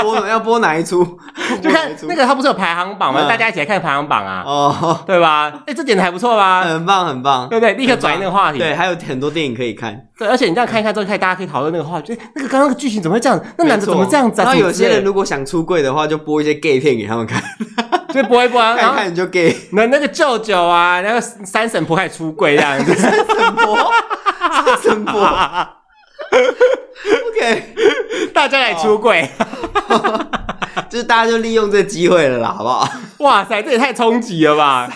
播 [laughs] 要播哪一出？ [laughs] 就看 [laughs] 那個他不是有排行榜嗎？大家一起來看排行榜啊，哦，對吧？哎、欸，這點還不錯吧？很棒，很棒，對不對，對？立刻轉移那個話題。對，還有很多電影可以看。對，而且你這樣看一看之後，看、嗯、大家可以討論那個話題。那個剛剛的劇情怎麼會這樣子？那男主怎麼這樣子、啊？然後有些人如果想出櫃的話，就播一些 gay 片給他們看。 [laughs] 這播一播、啊，然看，看你就給、哦、那那個舅舅啊，那個三嬸婆還出櫃這樣子。 [laughs] 三嬸神婆波， [laughs] 三嬸婆波、啊。 [laughs] OK，大家來出櫃，哦、 [laughs] 就是大家就利用這機會了啦，好不好？哇塞，這也太衝擊了吧！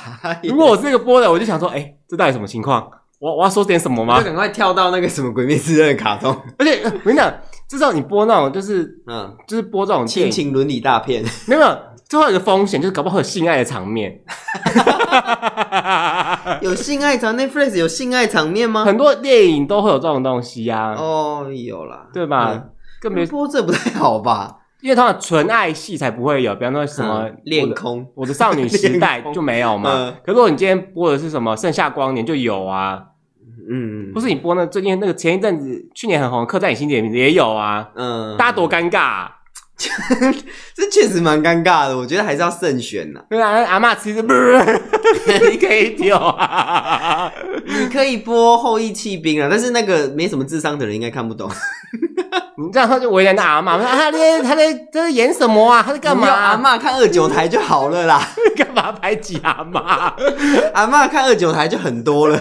如果我是這個播的，我就想說，哎、欸，這到底什麼情況？我我要說點什麼嗎？我就趕快跳到那個什麼鬼滅之刃的卡通。 [laughs] 而且、呃、我跟你講，至少你播那種就是嗯，就是播這種親情倫理大片，有沒有。最後一個風險，就是搞不好有性愛的場面。 [laughs] [laughs] 有性愛場，那《Friends》有性愛場面嗎？很多電影都會有這種東西啊。哦、oh,，有啦，對吧？嗯、更別說這不太好吧？因為他的純愛戲才不會有，比方說什麼《戀、嗯、空》我《我的少女時代》就沒有嘛、 [laughs] 嗯。可是如果你今天播的是什麼《盛夏光年》，就有啊。嗯，不是你播那最近那個前一陣子去年很紅《刻在你心底的名字》也有啊。嗯，大家多尷尬、啊。 [laughs] 這確實蠻尷尬的，我覺得還是要慎選吶、啊。對啊，那個，阿嬤其實 [laughs] [laughs] 你可以跳啊，你可以播《後翼棄兵》啊，但是那個沒什麼智商的人應該看不懂。你 [laughs] 這樣他就為難阿嬤說，啊、他他在他在，他在演什麼啊？他在幹嘛？有阿嬤看二九台就好了啦，幹 [laughs] 嘛排擠阿嬤？阿嬤看二九台就很多了。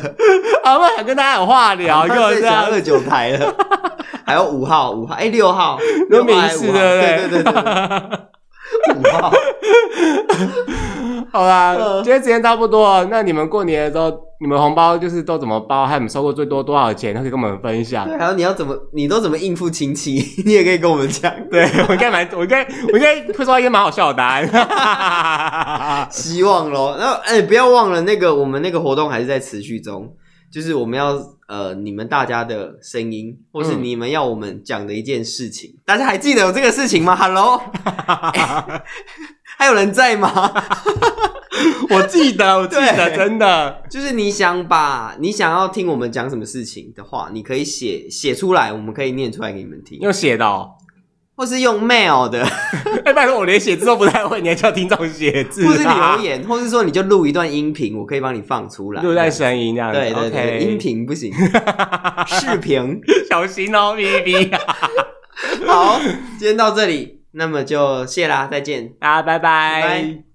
阿嬤想跟大家有話聊，又在二九台了。 [laughs] 還有五號，五號，哎、欸，六號，六百五，對對對對，對，五 [laughs] 號， [laughs] [laughs] 好啦、呃，今天時間差不多，那你們過年的時候，你們紅包就是都怎麼包，還有你們收過最多多少錢，可以跟我們分享。對，還有你要怎麼，你都怎麼應付親戚，你也可以跟我們講。對，我應該蠻，我應該，我應該會抓一個蠻好笑的答案。 [laughs] [laughs] 希望咯，然後，哎、欸，不要忘了那個我們那個活動還是在持續中，就是我們要。呃，你們大家的聲音，或是你們要我們講的一件事情。嗯，大家還記得有這個事情嗎？Hello， [laughs] [laughs] 還有人在嗎？ [laughs] [laughs] 我記得，我記得，真的，就是你想把你想要聽我們講什麼事情的話，你可以寫寫出來，我們可以念出來給你們聽，要寫的哦。或是用 mail 的。欸，哎，拜託，我連寫字都不太會，你還叫聽眾寫字？啊？或是留言，或是說你就錄一段音頻，我可以幫你放出來，錄在聲音這樣子。對對對，okay. 音頻不行， [laughs] 視頻小心哦，baby。 [laughs] 好，今天到這裡，那麼就謝啦，再見大家，拜拜。拜拜